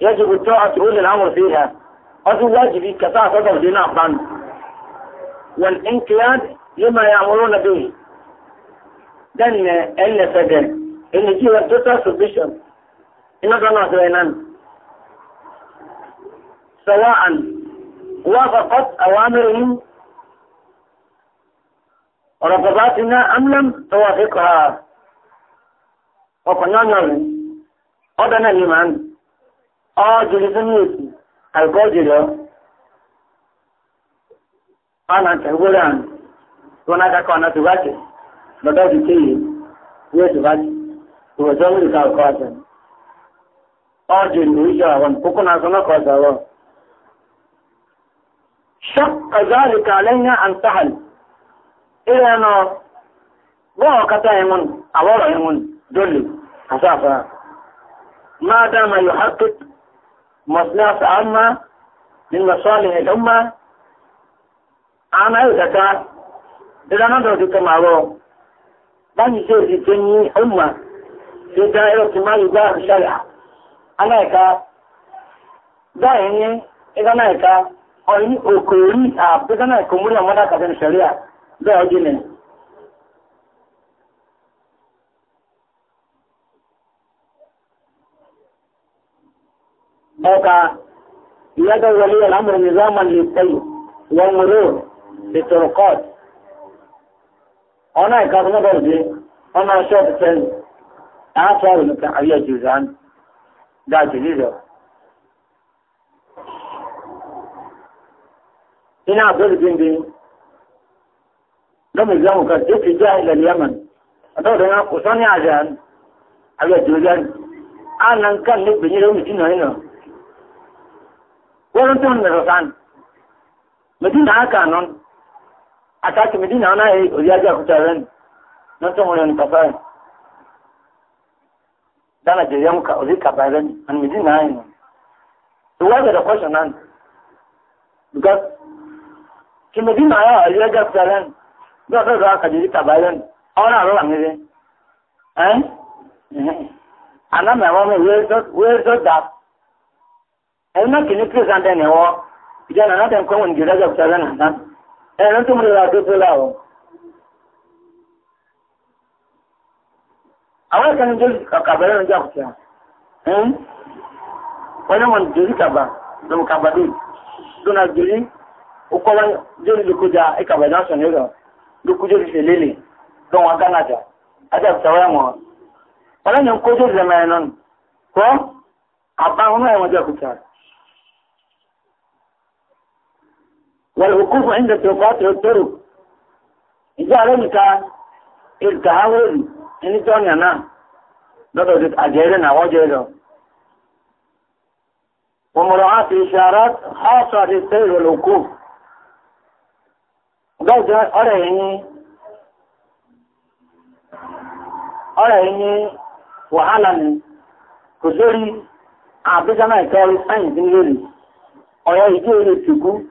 يجب الطاعة تقول الأمر فيها هذا واجب كطاعة صدر دين أخضان والانقياد لما يأمرون به دن إلا سجن إن جيوا الدتا سبشن إن الله سوينان سواء وافقت أوامرهم رغباتنا أم لم توافقها وقنانا أدنا لمن ọjọ́ tó ní òtù àìkọ́jì lọ ọ̀nà tẹ̀gbọ́rẹ̀ àmì tó náà kákọ́ ọ̀nà tó bá tẹ̀ lọ́dọ́ ti kéye wíwẹ̀ tó bá tẹ̀ ìwọ̀jọ́ mìíràn ká ọkọ̀ ọ̀tẹ̀ ọjọ́ ìlú ìjọ àwọn kókó náà sọ lọ́kọ̀ ọ̀tẹ̀ wọ́n. شق ذلك علينا أن تعل إلى أنه بوه كتائمون دولي أسافا ما دام يحقق مصلحة عامة من مصالح الأمة أنا يدكا إذا نظر دك معه بان يصير في جني أمة في دائرة ما يباح الشرع أنا يكا دائما إذا أنا يكا أو إني أكوري أبدا أنا أكمل أمدا كذا الشريعة ده أجنبي أوكا يدعو ولي الأمر نظاما للسير والمرور بالطرقات أنا كاتب درجة أنا شاب سن أعصر لك علي جوزان دا جديد ina birgin bin don islamu ka duk jahilar yaman a da na kusan yajen a yajiyar an nan kan nufin yi da mutum na yi nan wọ́n tún nà sàn medina aka nọ ataki medina anaghị ori aja kuta ren n'ọtọ nwere nkata ya dana jere ya muka ori kaba ren and medina anyị nọ so why the question na because ki medina ya ori aja kuta ren n'ọtọ nwere aka jere kaba ren ọ na-arụ amiri eh ana m enwe m wee zọ daa ẹ̀rọ kìíní pírẹsìdáǹtẹ̀ ni wọ́n ìjọ náà náà tẹ̀ ń kọ́ wọn ìjọba ìjọba ìjọba náà náà ẹ̀rọ tó múlẹ̀ láti tó láwọ̀. àwọn ìkànnì jòlì kàbà lẹ́nu ìjà kùtà wọ́n ní wọn jòlì kàbà lọ́mù kàbà bíi dọ́nà jòlì ọkọ̀ wọn jòlì lókojá ìkàbà náà sọ̀ nílò lókù jòlì fèlélè dọ́n wọn gánà jà ajá kùtà wọ́n wọn. wọ́n ní kó jòlì lẹ́mọ̀ ẹ̀ náà kọ́ àbá wọn náà wọn jà والوقوف عند الطرقات والطرق إذا علمك التهاول إن توني أنا لقد أجيرنا وجيرنا ومراعاة إشارات خاصة للسير والوقوف قلت أرى يعني أرى يعني وحالا كسوري أعطيك أنا إكاري سعيد من يلي أرى يجي إلي تكون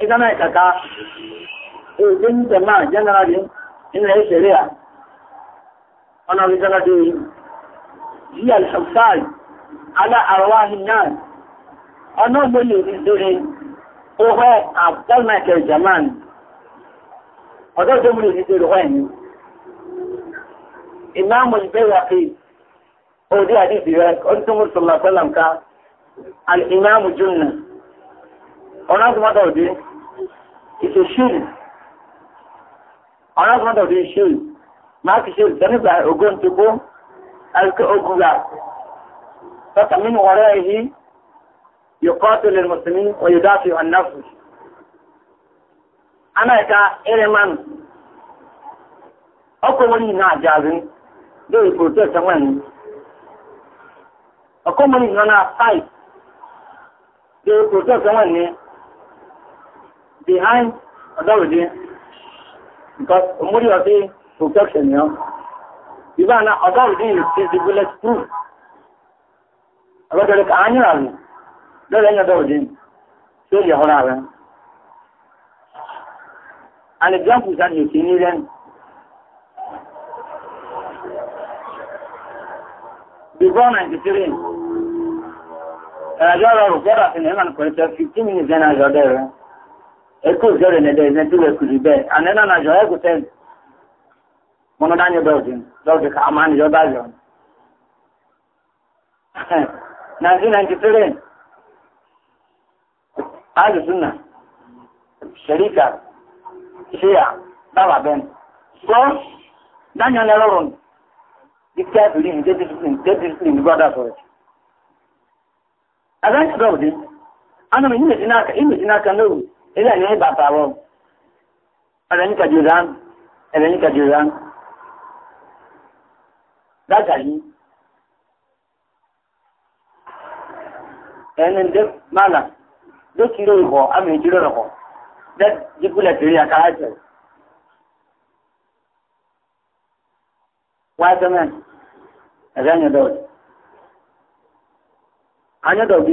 ita ma'aikata ɗin jama'a janarari ina yi shari'a wani abin jana da yi yi alhamsari ala arwahin nan ọ̀nà ògbóni ìdíjọ́rẹ́ ohwe àbúkọ́lmẹ̀kẹ̀ jaman ọ̀dọ́ ìjọmúlò ìdíjọ́rẹ́ wọ́n ni ìmáàmù ìgbéyàfí òdí àdíjì rẹ̀ ọdún tó mú sọ̀lá pẹ́lá ìṣe ṣíìlì ọ̀rọ̀gbọ́dọ̀ fi ṣíìlì máa fi ṣíìlì tẹ́lifà ogún ti kú ogun rà tọ́ta nínú ọ̀rẹ́ yìí yòókọ́ tó lè mùsùlùmí òyìnbá fi hàn náà fún ọkọ̀ wọn yìí náà jáde lórí ìfòròtò ìtẹ́wọ̀n ni ọkọ̀ wọn yìí náà fáì lórí ìfòròtò ìtẹ́wọ̀n ni behind authority because Umuri was a protection, you know. Even authority is, is the bulletproof. About the annual, not any authority. So you hold on. An example that you see then before 93, and I got a reporter in him and 15 minutes then I got there. eko zere ne de ne duwe kuli be anena na jo eko ten mono na dozin dozi ka amani jo da jo 1993 (laughs) ahli sunna sharika shia dawa ben so danyo ne lorun dikka tuli ni discipline discipline goda so agan dozin ana mi ni dinaka ni dinaka no e ní bàtà wọ ẹ̀rẹ̀ ní kẹjùdán ẹ̀rẹ̀ ní kẹjùdán dájà yìí ẹni dé mánà dókìrò ìbọ̀ àmì ìjírò rọ̀kọ̀ dẹ́ jíkúlẹ̀ tìrí àkàrà jẹ̀ wáyé mẹ́rin ẹ̀rẹ́ ẹ̀yẹ dọ̀ọ̀dì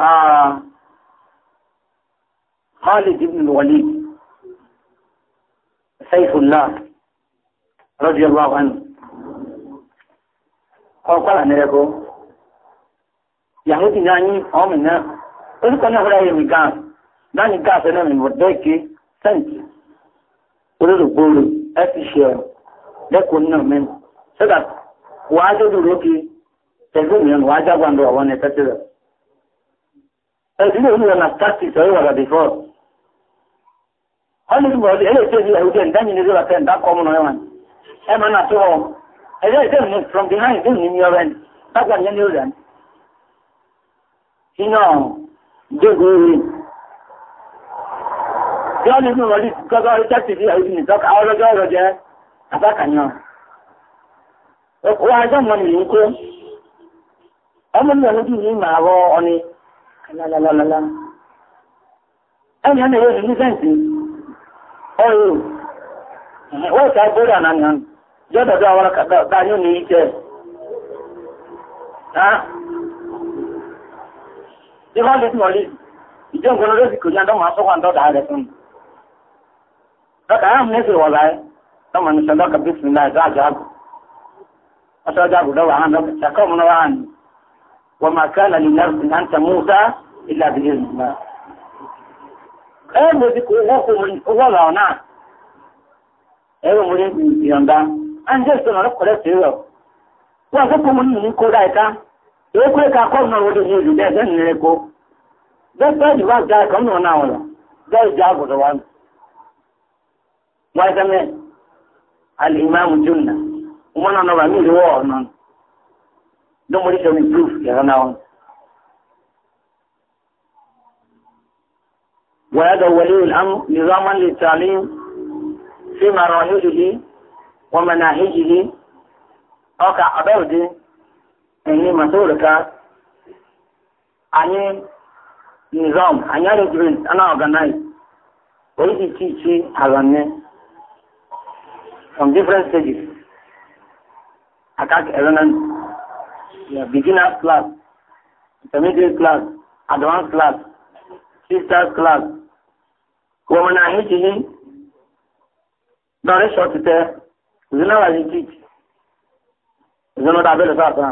آه خالد بن الوليد سيف الله رضي الله عنه ọ̀pọ̀ àmìrẹ́kọ́ yàmùtì náà ní ọmọ náà orúkọ náà wọ́n ráyẹ̀ mi gáà náà ní gáà fẹ́ náà mi wọ̀dọ́ ìké sẹ́ǹtì olóògbòrò ẹ̀sì ṣe ọ̀rọ̀ lẹ́kọ̀ọ́ náà mẹ́rin sọ́dà wàá dọ́dọ̀ lókè ẹ̀sìnlẹ̀ òun lọ́nà tàbí sọ̀rọ̀ wà lọ́dẹ̀ fọ́ ọ́nà ìgbà ọdún ẹlẹ́sẹ̀ ìlú ẹ̀hùdẹ́ ìdáyìn ní ìjọba tẹ́ǹdà kọmọ náà wọn ẹ máa nà from behind dùn ní ní ọrẹ́ ní lágbà ní ẹni òrẹ́ iná jógo orí tí wọ́n ní ìgbìmọ̀ ọdún kọ́kọ́ orí tẹ́sì sí ẹ̀hùdẹ́ ní tọ́ka ọlọ́jọ́ ọ̀rọ̀ jẹ́ àbákànyàn wọ́n ajọ́ mọ́ nìyí kó lálálálálá ẹni ẹni yóò ní sẹ́ǹtì ọ̀rọ̀ wọ́n ìta gbọ́dọ̀ àná jọ́dọ̀dọ̀ àwọn akàtà yóò ní ìjẹ́ ní àdọ́mọ̀ asọ́wọ́ àdọ́dà rẹ̀ fún dọ́kà yà mú ẹsẹ̀ wọ̀lá náà ẹ̀dọ́ àjọ àgùn ọ̀sọ́ àjọ àgùn dọ́wà hàn وما كان لنفس أن تموت إلا بإذن الله ẹ̀rọ ti kò owó ọ̀la ọ̀nà ẹ̀rọ mo ní ìyọ̀nda angel sọ̀rọ̀ ọ̀rọ̀ kọ̀rẹ́ sí rẹ̀ wọ́n fẹ́ kó mo ní ìní kó dá ẹ̀ka èyí kó ẹ̀ka kọ́ ọ̀nà òde ní ìlú bẹ́ẹ̀ sẹ́ni rẹ̀ kó bẹ́ẹ̀ bẹ́ẹ̀ ni wọ́n gba ẹ̀ka ọ̀nà ọ̀nà nobody can reprove the renown. وهذا ولي الأمر نظاما للتعليم في مراحله ومناهجه أوكا أبردي أني مسؤولك أني نظام أني أرجل أنا أغنائي ويدي تيتي أغنائي from different stages. أكاك أغنائي beginner class, intermediate class, advanced class, sisters class. Woman I hate Don't You know شوت teach. You know کی زنا دا بیل وما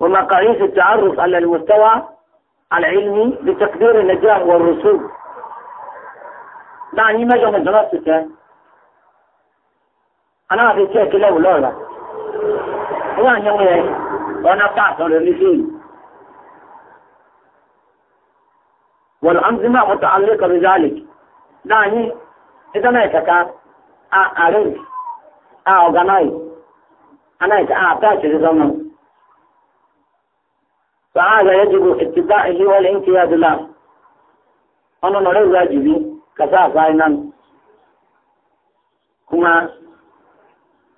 ومقاييس التعرف على المستوى العلمي بتقدير النجاح والرسوب دعني ما جمع جناستك aláwọ̀ fi tí ẹ̀kí lẹ́wù lọ́ọ̀rà wọ́n àyẹ̀ wọ́n yẹn ọ̀nà pàtàkì rẹ̀ ní fíìmù wọ́n àmì máa mọ́ta alẹ́kọ̀ọ́ bí zálì náà yí ìdáná ìkàkà a arrange a organize anáìkà a attach sí sọ́nà فهذا يجب اتباعه والانقياد له أنا نريد واجبي كسافة كما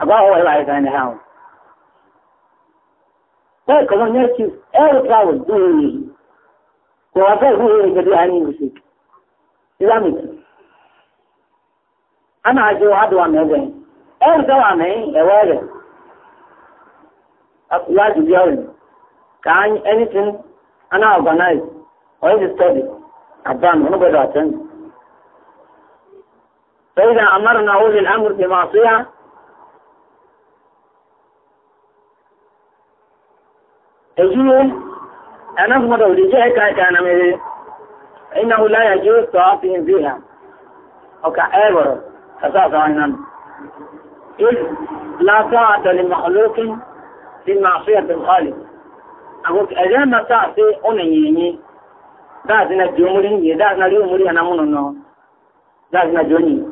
Agora who am I going to help? Sai ka zan yarki ɗaya travel ɗin ne. Ko a kai kuma Islamic. Ana aje wa haɗuwa mai gani. Ɗaya travel mai yin Ya ọrịa Ka anyị anything ana organize or any study. Abban wani gwada a can. Sai da amarna wulil amur bi masu ya يجوز أن أفضل رجعك كان مره إنه لا يجوز طوافهم فيها أو كأبر أساسا عنهم إذ لا طاعة لمخلوق في معصية الخالق أقول أجل ما تعطي أنيني دازنا جمهوري دازنا اليوموري أنا منو دازنا جوني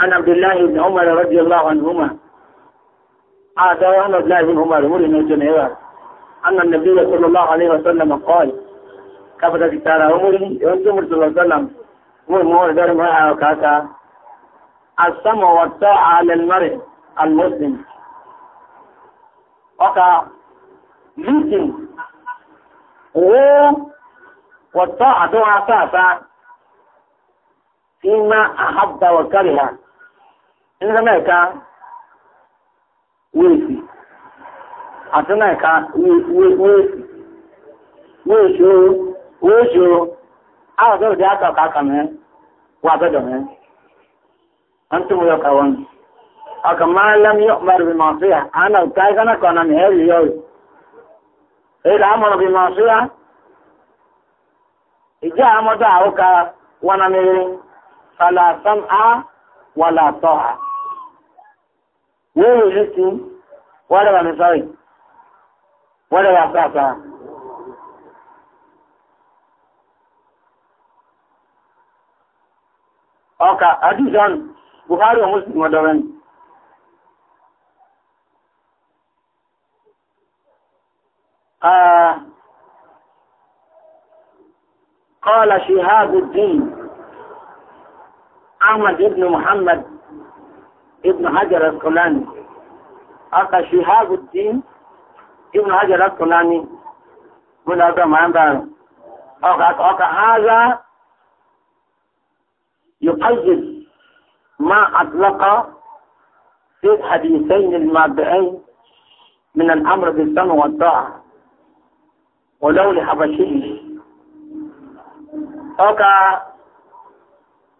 عن عبد الله بن عمر رضي الله عنهما هذا عبد الله بن عمر مرنا جنيه أن النبي صلى الله عليه وسلم قال كفتة تارا عمري ينتم صلى الله عليه وسلم ومور دار ما وكاكا السمع والطاعة على المرء المسلم وكا لكن هو والطاعة دوعة أساسا فيما أحب وكره إن ذلك ويفي atụnaka wee zuo ahụzụ dị ka aka mee wabedo mee antum yo kawan aka ma lam yu'mar bi ma'siyah wana fala wala ولا يعطاها اوكا حديثان بخاري ومسلم ودوين آه، قال شهاب الدين أحمد بن محمد ابن حجر الكلاني أقى شهاب الدين ابن حجر الطلاني من هذا ما ينبغي أوك هذا يقيد ما أطلق في الحديثين المابعين من الأمر بالسمع والطاعة ولو لحبشي أوك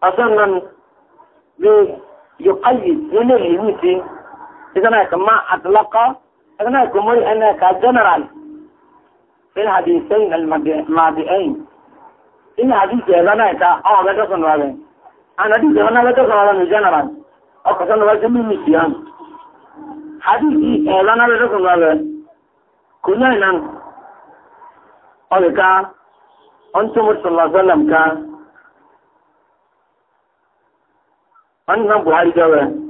أصلا يقيد من الهوتي إذا ما أطلق أنا كمري أنا كجنرال في الحديثين المادئين إن حديث أنا كا أو بيتا سنوابين أنا حديث أنا بيتا سنوابين جنرال أو كسان وجه من مسيان حديث أنا بيتا سنوابين كنا نان أو كا أنتم صلى الله عليه وسلم كا أنتم بوهاري جوابين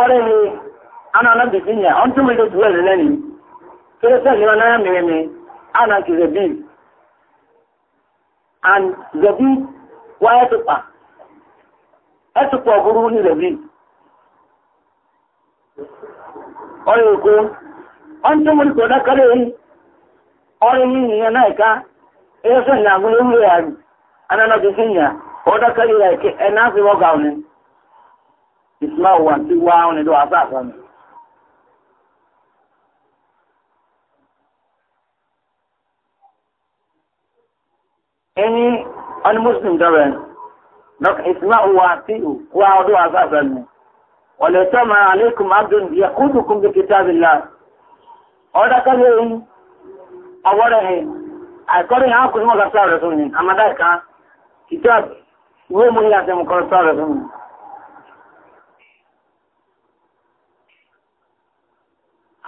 ọrịa a na-ana bekee ya ọ ntụ mmiri tuwe ni kere sẹ ni ọna mere mi a na nke zebi and zebi wa ẹtụkpa ẹtụkpa ọbụrụ ni zebi ọrịa eko ọ ntụ ka ọ dakara ehi ọrịa ihe na-eka ihe sọ na ewu ya anana bekee ya ọ dakara ya eke na-afọ ịwọ ọnụ. islam wa ti wá wọn ni ló wá sáà sọnù. ẹni ọni muslim dọrọ ẹni dọk islam wa ti wá wọn ló wá sáà sọnù. wàlẹ̀ sọ́mà aleikum abdul yẹ kúndùn kúndùn kìtàbí la ọ̀dà kálí ẹ̀yìn awọ́rẹ̀ ẹ̀ àìkọ́rí yẹn á kún mọ́ kàtà rẹ̀ sọ̀rọ̀ ni àmàdá ìka kìtàbí wọ́n mú yàtọ̀ mọ́ kàtà rẹ̀ sọ̀rọ̀ ni.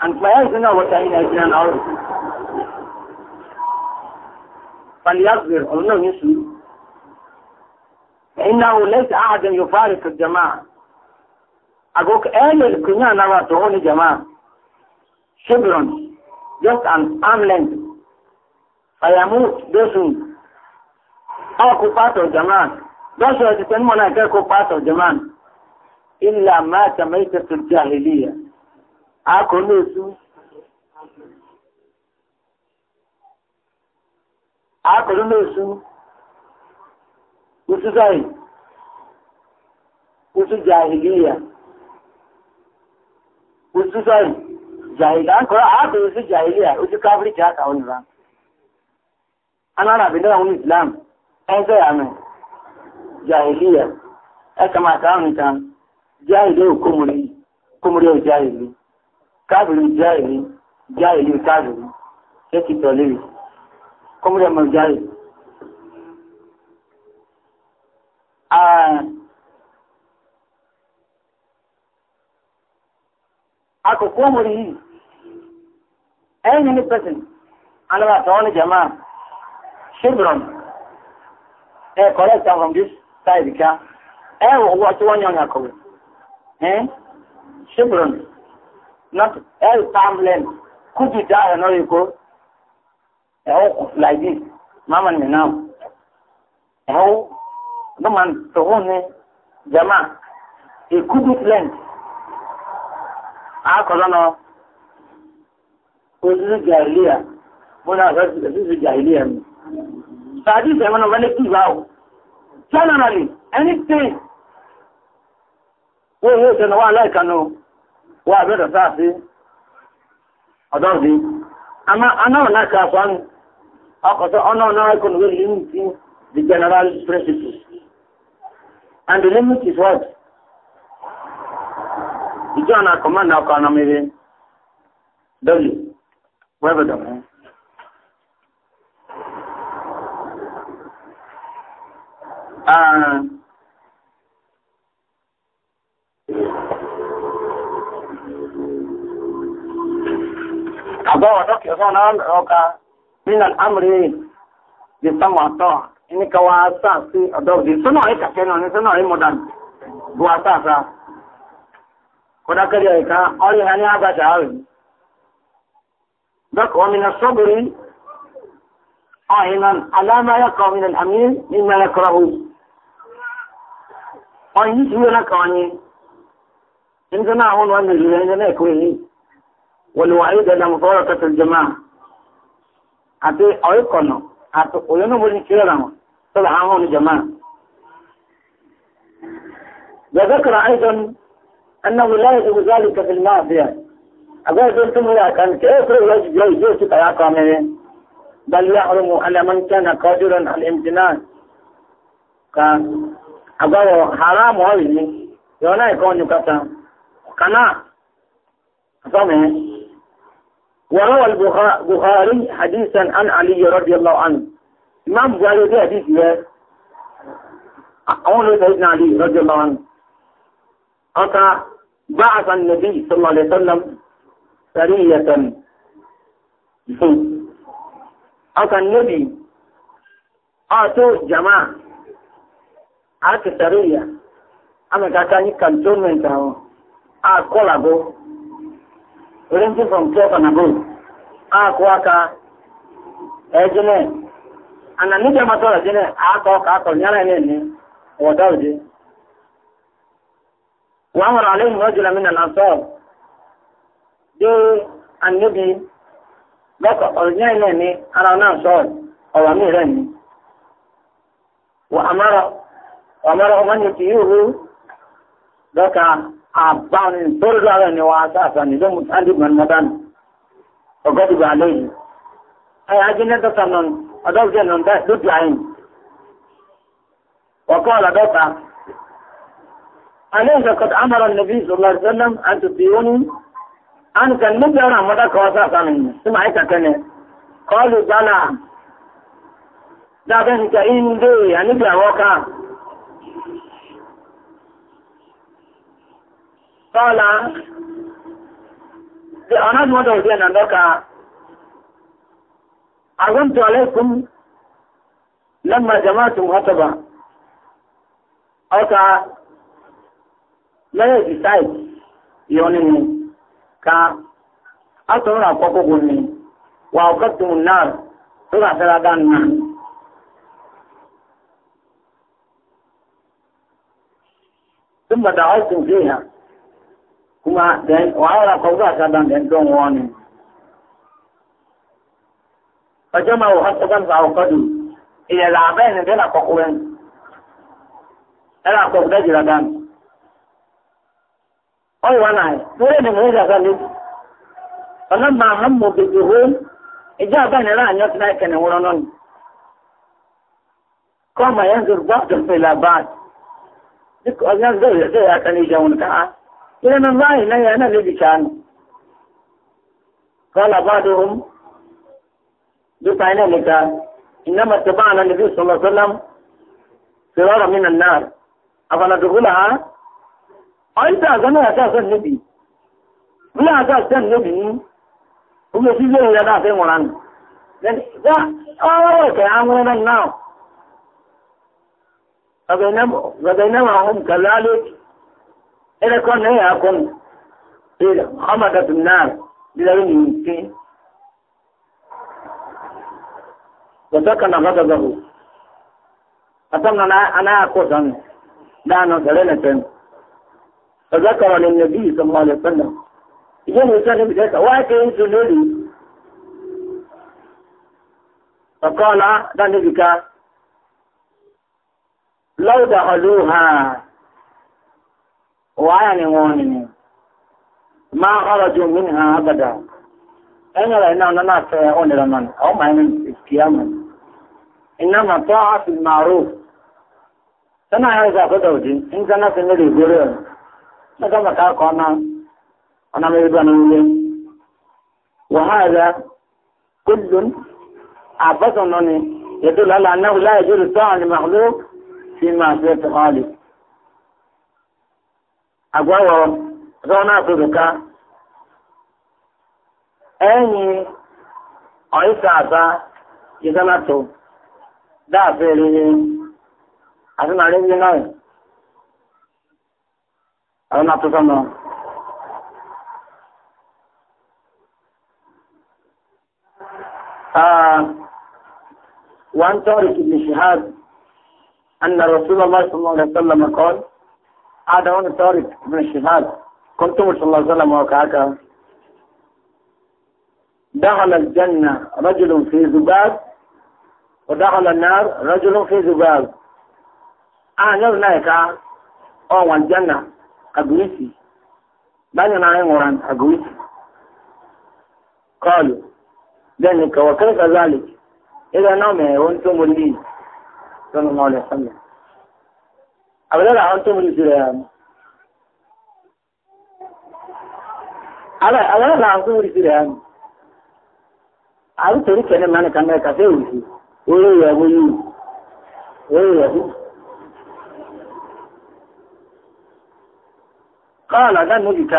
And my eyes are not what I in an hour. فليصبر أو أنه فإنه ليس أحد يفارق الجماعة أقولك أين الكنية نرى تقول جماعة شبر just an arm length فيموت دوسون أو كفات الجماعة دوسون تتنمو لا كفات الجماعة إلا مات ميتة الجاهلية akọ na-esu akọrọ na-esu usuzai usu jahiliya usuzai jahiliya akọrọ akọrọ usu jahiliya usu kafiri ji aka wani ran ana arabi na wani islam ẹgbẹ àmì jahiliya ẹ kama aka ahun tan jahiliya okomori komori jahiliya káàbìrì jáìlì jáìlì káàbìrì ṣé ti tọ̀ lérí kọ́mọdé mọ̀ jáìlì. àkókò ọmọdé yìí ẹ̀yìn ní pẹ̀sìn alára àtàwọn ní jama chevron ẹ̀ correct am from this side ká ẹ̀ wọ̀ wọ́n tí wọ́n yàn yàn kọ̀wé chevron not el tamlen kuji ta no yiko eh like this mama ni now eh no man to hone jama oh, I know. e kuji plant a ko no ozu jahiliya muna ga ozu jahiliya mi sadi to mana wani ki bawo generally anything wo yo tana wa like I know. wa abẹ dọta ase ama anáwó náà ká kwan ọkọtọ ọnáwó náà kọ ní wẹlẹ limiting the general principle and the limit is what ìjọ náà command náà kọ anamere w wẹbẹ dọta. Uh, agbawa dɔkɛ fɔ na ɔka nina amri di sama eh, eh, eh, oh, oh, oh, ini wa si ɔdɔ di sɔnɔ ayi kakɛ nɔ ni sɔnɔ ayi mɔdan du wa sa sa ka ɔyi hali a ba na alama ya kɔ na ami ya kɔrɔ hu والوعيد على مفارقة الجماعة أتي أيقنا أتي أيقنا بالنسبة طلعهم الجماعة وذكر أيضا أنه لا يجب ذلك في المعصية أقول أنتم لا كان كيف يجب تياقا منه بل يحرم على من كان قادرا على الامتنان كان أقول حرام هذه يونا يكون يكتم كنا أفهمه وروى البخاري حديثا عن علي رضي الله عنه امام البخاري ده حديث يا اول سيدنا علي رضي الله عنه أتى بعث النبي صلى الله عليه وسلم سرية أتى النبي أتوا جماعة أتى سرية أما كان كانتونمنت أو أكولاغو ranging from 12 and above akụ aka ejene ana nike matara jene aka ọka akọrọ nyara ene ene wọda uje wa nwere ala ihe ojula mina na nsọ de annabi lọkọ ọrịnya na ene ara na nsọ ọwa mmiri ene wa amara wa amara ọmanyi ki ihu lọka àbáni tó lára ni wọ́n asáàsá ní ló mú sáàdì mọ̀nmọ́dán ọgọ́dùgbà lẹ́yìn ẹ̀yà ajínẹ́dọ́ta nọ ọdọ́gbẹ́ nọ lójú ayé ọkọ́ ọ̀làdọ́ta alẹ́ ìjọkọ̀tà amọ̀rọ̀ nàbí ìṣòlá ìṣẹ́lẹ̀m àti tìyóní àǹkà níbi ọ̀rọ̀ àmọ́dá kọ́ sáàsá nì sí máa ìkàkẹ́ ni kọ́ọ̀lù gbálà dábẹ́ nìkà ìhìn dé àníbi Kọ́ọ̀lá, the another one of them andoka, أغنت عليكم لما جمعتم خطبا أو كا لا يجتاي يونيني كا أتونا كوكو غني وأوقدتم النار تبع سرادان نعم ثم دعوتم فيها kuma den wàhálà kọ̀wé àkàdà den dán wọn ni. ọjọ́ máa wò hàtọ́ gbàgbà ọ̀kọ́dù ilẹ̀ làbẹ́ ni bẹ́ẹ̀ làkọ̀kọ́ wẹ́n ẹ̀rọ àkọ́kọ́ bẹ́ẹ̀ jìlá dánù. ọ yìí wá náà lórí ni mo ní ìdàgbà lé. ọ̀nà máa hàn mọ̀ bèbè hó ìjọ àbẹ́ ni láàyè ọ̀tún náà kẹ̀nẹ̀ wúrọ̀ náà ni. kọ́ ọmọ yẹn ń zòrò gbọ́ إلى من الله لا أنا الذي كان قال بعضهم بطعنا لك إنما اتبعنا النبي صلى الله عليه وسلم فرارا من النار أفلا تقولها أنت أزمنا أساس النبي بلا أساس النبي هم يسيزون إلى ذا في مران ذا أوه كأمرنا النار فبينما هم كذلك ele kon ne ya kon ele hamadat nar dilawe ni mti wataka na ghadabahu atamna na ana akosan dano dalena ten fadhakara linabii sallallahu alaihi wasallam ijeni usani bidaka wake mtu nuli فقال ذلك لو دخلوها وانا مؤمنين ما خرجوا منها أبدا أنا انا انا سيئون لمن أو ما من القيامة إنما طاعة في المعروف أنا هذا أنا إن كان أنا الذي يقولون هذا ما كان أنا أنا مريض وهذا كل عبثني يدل على أنه لا يجوز الطاعة لمخلوق في معصية خالق agwawo zọna atụzụka enyi ọịsa aba jizanatụ dafe eriri asịnarị ndị nọị ọnatụtọ nọ وعن طارق بن شهاب أن رسول الله صلى الله عليه وسلم قال هذا هو الطارق من الشمال كنت صلى الله عليه وسلم وكاكا دخل الجنة رجل في ذباب ودخل النار رجل في ذباب أنا هناك أو الجنة أقويسي بني نعيم وران أقويسي قالوا ذلك وكيف ذلك إذا نومي وانتم اللي صلى الله عليه وسلم abẹ́lẹ́dà àwọn tó múlù jùlọ yàmù abẹ́lẹ́dà àwọn tó múlù jùlọ yàmù àrùtẹ̀rí kẹ́ni mẹ́rin kan mẹ́rin kàfẹ́ òwúrọ̀ orí ìyàwó yìí orí ìyàwó قال ذنبك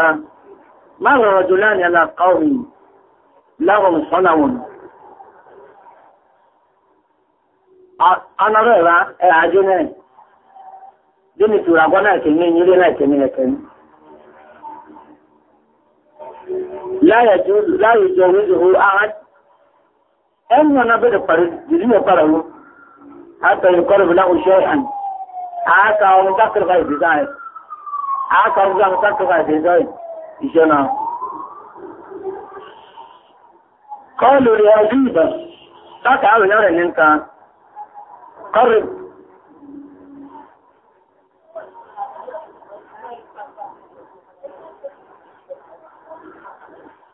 ما الرجلان على قوم لهم صنم أنا رأى أعجنين dini tura gwana ke min yire na ke min ke la ya ju la ya ju wi hu ahad en na be da faru dini ya faru hatta yuqarrib lahu shay'an aka on takr ga bidai aka on takr ga bidai ishana قالوا لأجيبا ذاك عاوز يرى ان انت قرب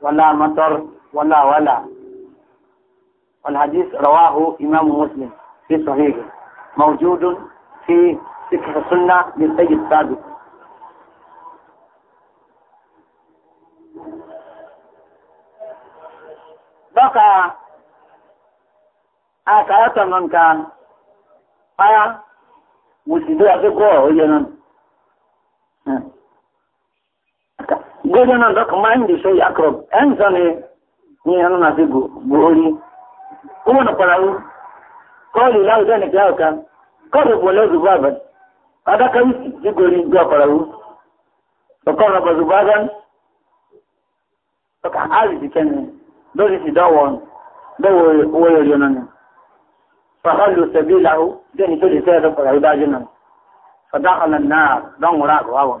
ولا مطر ولا ولا والحديث رواه إمام مسلم في صحيحه موجود في سكه السنة للسيد السابق بقى أكاية من كان أيا آه، مسجدوا أفكوا ويجنون Gwaje na dok mind sai akrob. En sane ni anu na sigu gori. Kuma na parawu. Koli lau da ne kyau kan. Kori bole zubaba. Ada kai sigori gwa parawu. To kora ba zubaban. To ka hali dikene. Dori si dawon. Dawo woyo yonan. Fahallu sabilahu. Dani dori sai da parawu da jinan. Fadakhala an-nar. Dan wara wa wa.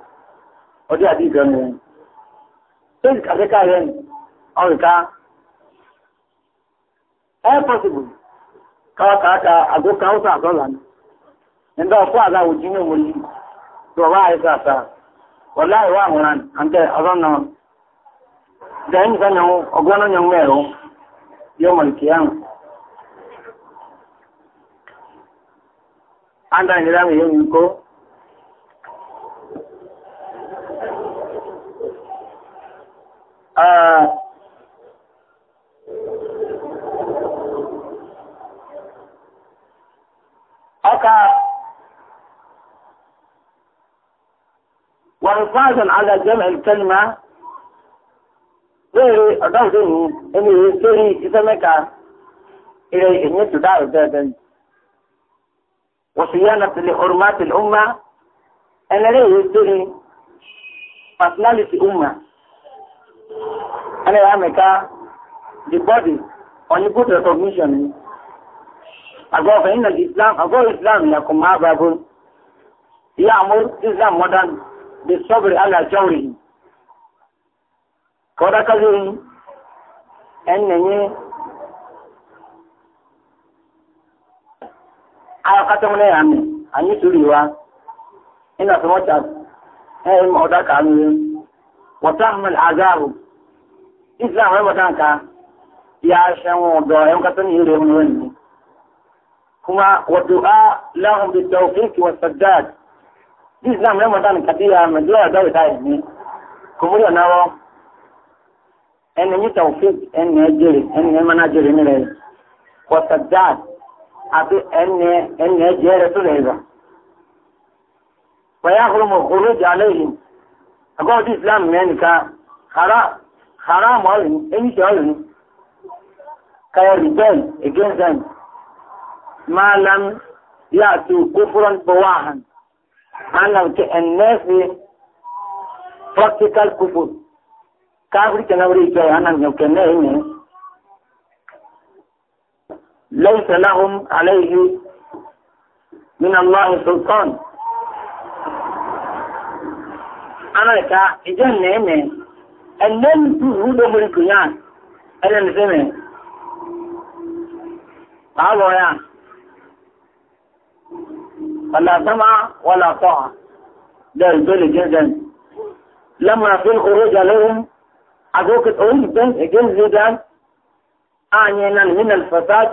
ọdí àdìgbẹ́ mu ṣéǹkì kàfẹ́kà rẹ̀ ọ̀rìnká ẹ̀ pọ́sibù káwákàáka àgókà ọ̀sà àtọ́là ni ẹ̀ndọ́ ọ̀pọ̀ àdáwò jí ní òmòlì tó wá ẹ̀sà ọ̀lá ìwà àwòrán àǹtẹ̀ ọ̀sán náà أتى آه. وحفاظا على جمع الكلمة غير ضغطه إنه يشتري اسمك إلى أن يتدعى ذاتا وصيانة لحرمات الأمة أنا لا يشتري personality أمة And then America, the body, on you put recognition. Ago fa inna Islam, ago Islam ya kuma babu. Ya amur Islam modern bi sovereign Allah jawri. Ko da kazo en ne aya kata mu ne ya mi, anyi turiwa. Ina so much as eh mu da kanu. Wa tahmal azabu islam wai mata ka ya shan da yan kasan yi da wani wani kuma wa du'a lahum bi tawfiq wa saddad islam wai mata ka tiya ma du'a da ta yi kuma ya nawo en ni tawfiq en ne jere en ne mana jere ne rai wa saddad abi en ne en ne jere to ne ba wa yahrumu khuruj alaihim ago islam ne ka haram haram all anything all kaya rebel against them malam yatu kufran bawahan malam ke annafi practical kufur kafir kana wuri ke anan yau kana ne ليس لهم عليه من الله سلطان أنا كا إجن نعمة ẹ̀nẹ́ni tí ìrúdó mú ikú yá ẹ̀nẹ́ ní sẹ́mẹ̀ pàálọ̀ yá ọ̀làsánmá wọlà pọ̀ lẹ́rù tó lè jẹ́ jẹ́ lẹ́mọ̀ fún orójà lẹ́hùn agókè orí ìgbẹ́ ẹ̀gẹ́ ìzẹ́gá ààyè náà nínú alfasad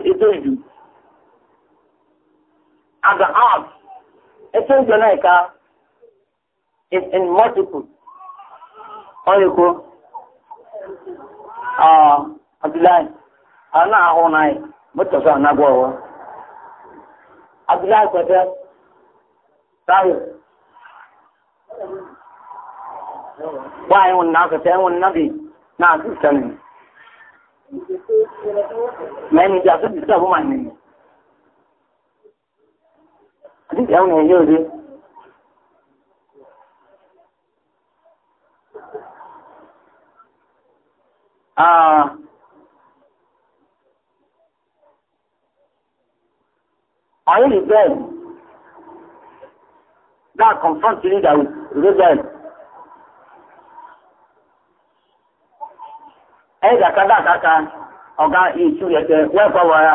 Ah, abdullahi ana ah, ahụ na anyị mụtasa anagwa ọwa abdullahi tayo gba anyị na ma bụ ma ya enye ozi Ah. Are you rebel? Now confront the leader with rebel. Ẹ̀yẹ́ aka dàka akaka ọ̀gá ìṣú yẹ wẹ́ẹ̀kọ́ wọ̀ ya.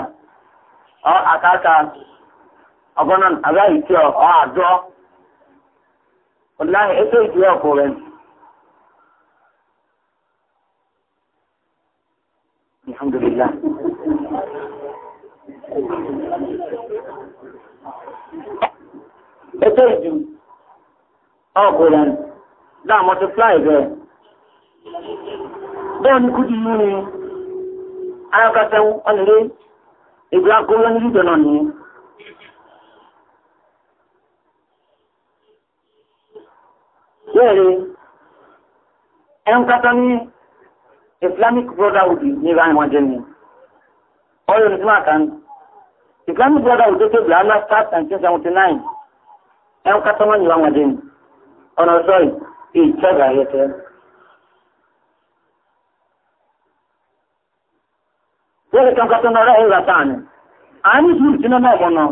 Ọ àkàkà ọ̀gọ́nà àgbà ìṣú ọ̀ àdọ́. ètò ọ̀kọ̀ rẹ̀. alhamdulillah. ètò ìdù ọkùnrin náà multiply bẹ́ẹ̀ bẹ́ẹ̀ ni kúti yìí ni ayọ́kẹ́sẹ́ ọ̀nìyẹ ìgbé akóró ní ìjọ náà nìyẹn. Bẹ́ẹ̀ ni, ẹnkátá ní islamic brotherhood ní ìbáyìí wọn jẹ́ ni ọyọ islamic brotherhood tó tóbi àlá start 1979 seventy nine ẹ̀ ń kátó wọn ìbáwọn jẹ́ ni ọ̀nà sọ́ọ̀yì ìjọba ayẹtẹ́. wọ́n ti kàn kátó náà rẹ̀ ìgbà tá àná àní sùúrù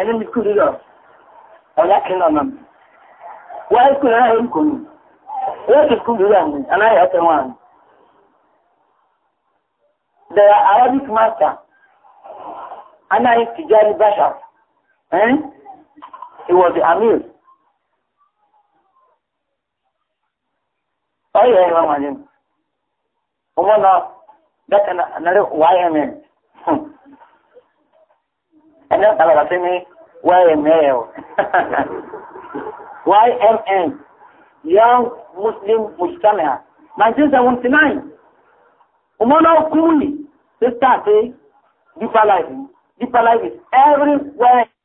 ẹni mi kúrò lọ ọ̀yá kìnnà nà mí wọ́n á kúrò náà kò ní wọ́n ti kúrò lọ mi anáyà ọ̀tẹ̀ wọn. The Arabic master Anayi Tijani Bashar, eh? he was the Amir. Ọ̀yẹ̀ ẹ̀rọ màdìmù. Ọmọ náà bẹ́ẹ̀ náà wáyé mẹ́rin ẹ̀dá kàlàkà sí ní YML (laughs) YMN Young Muslim Mujtami'a 1979 Umana Okumi, this start, eh? Deeper life. Deeper life is everywhere.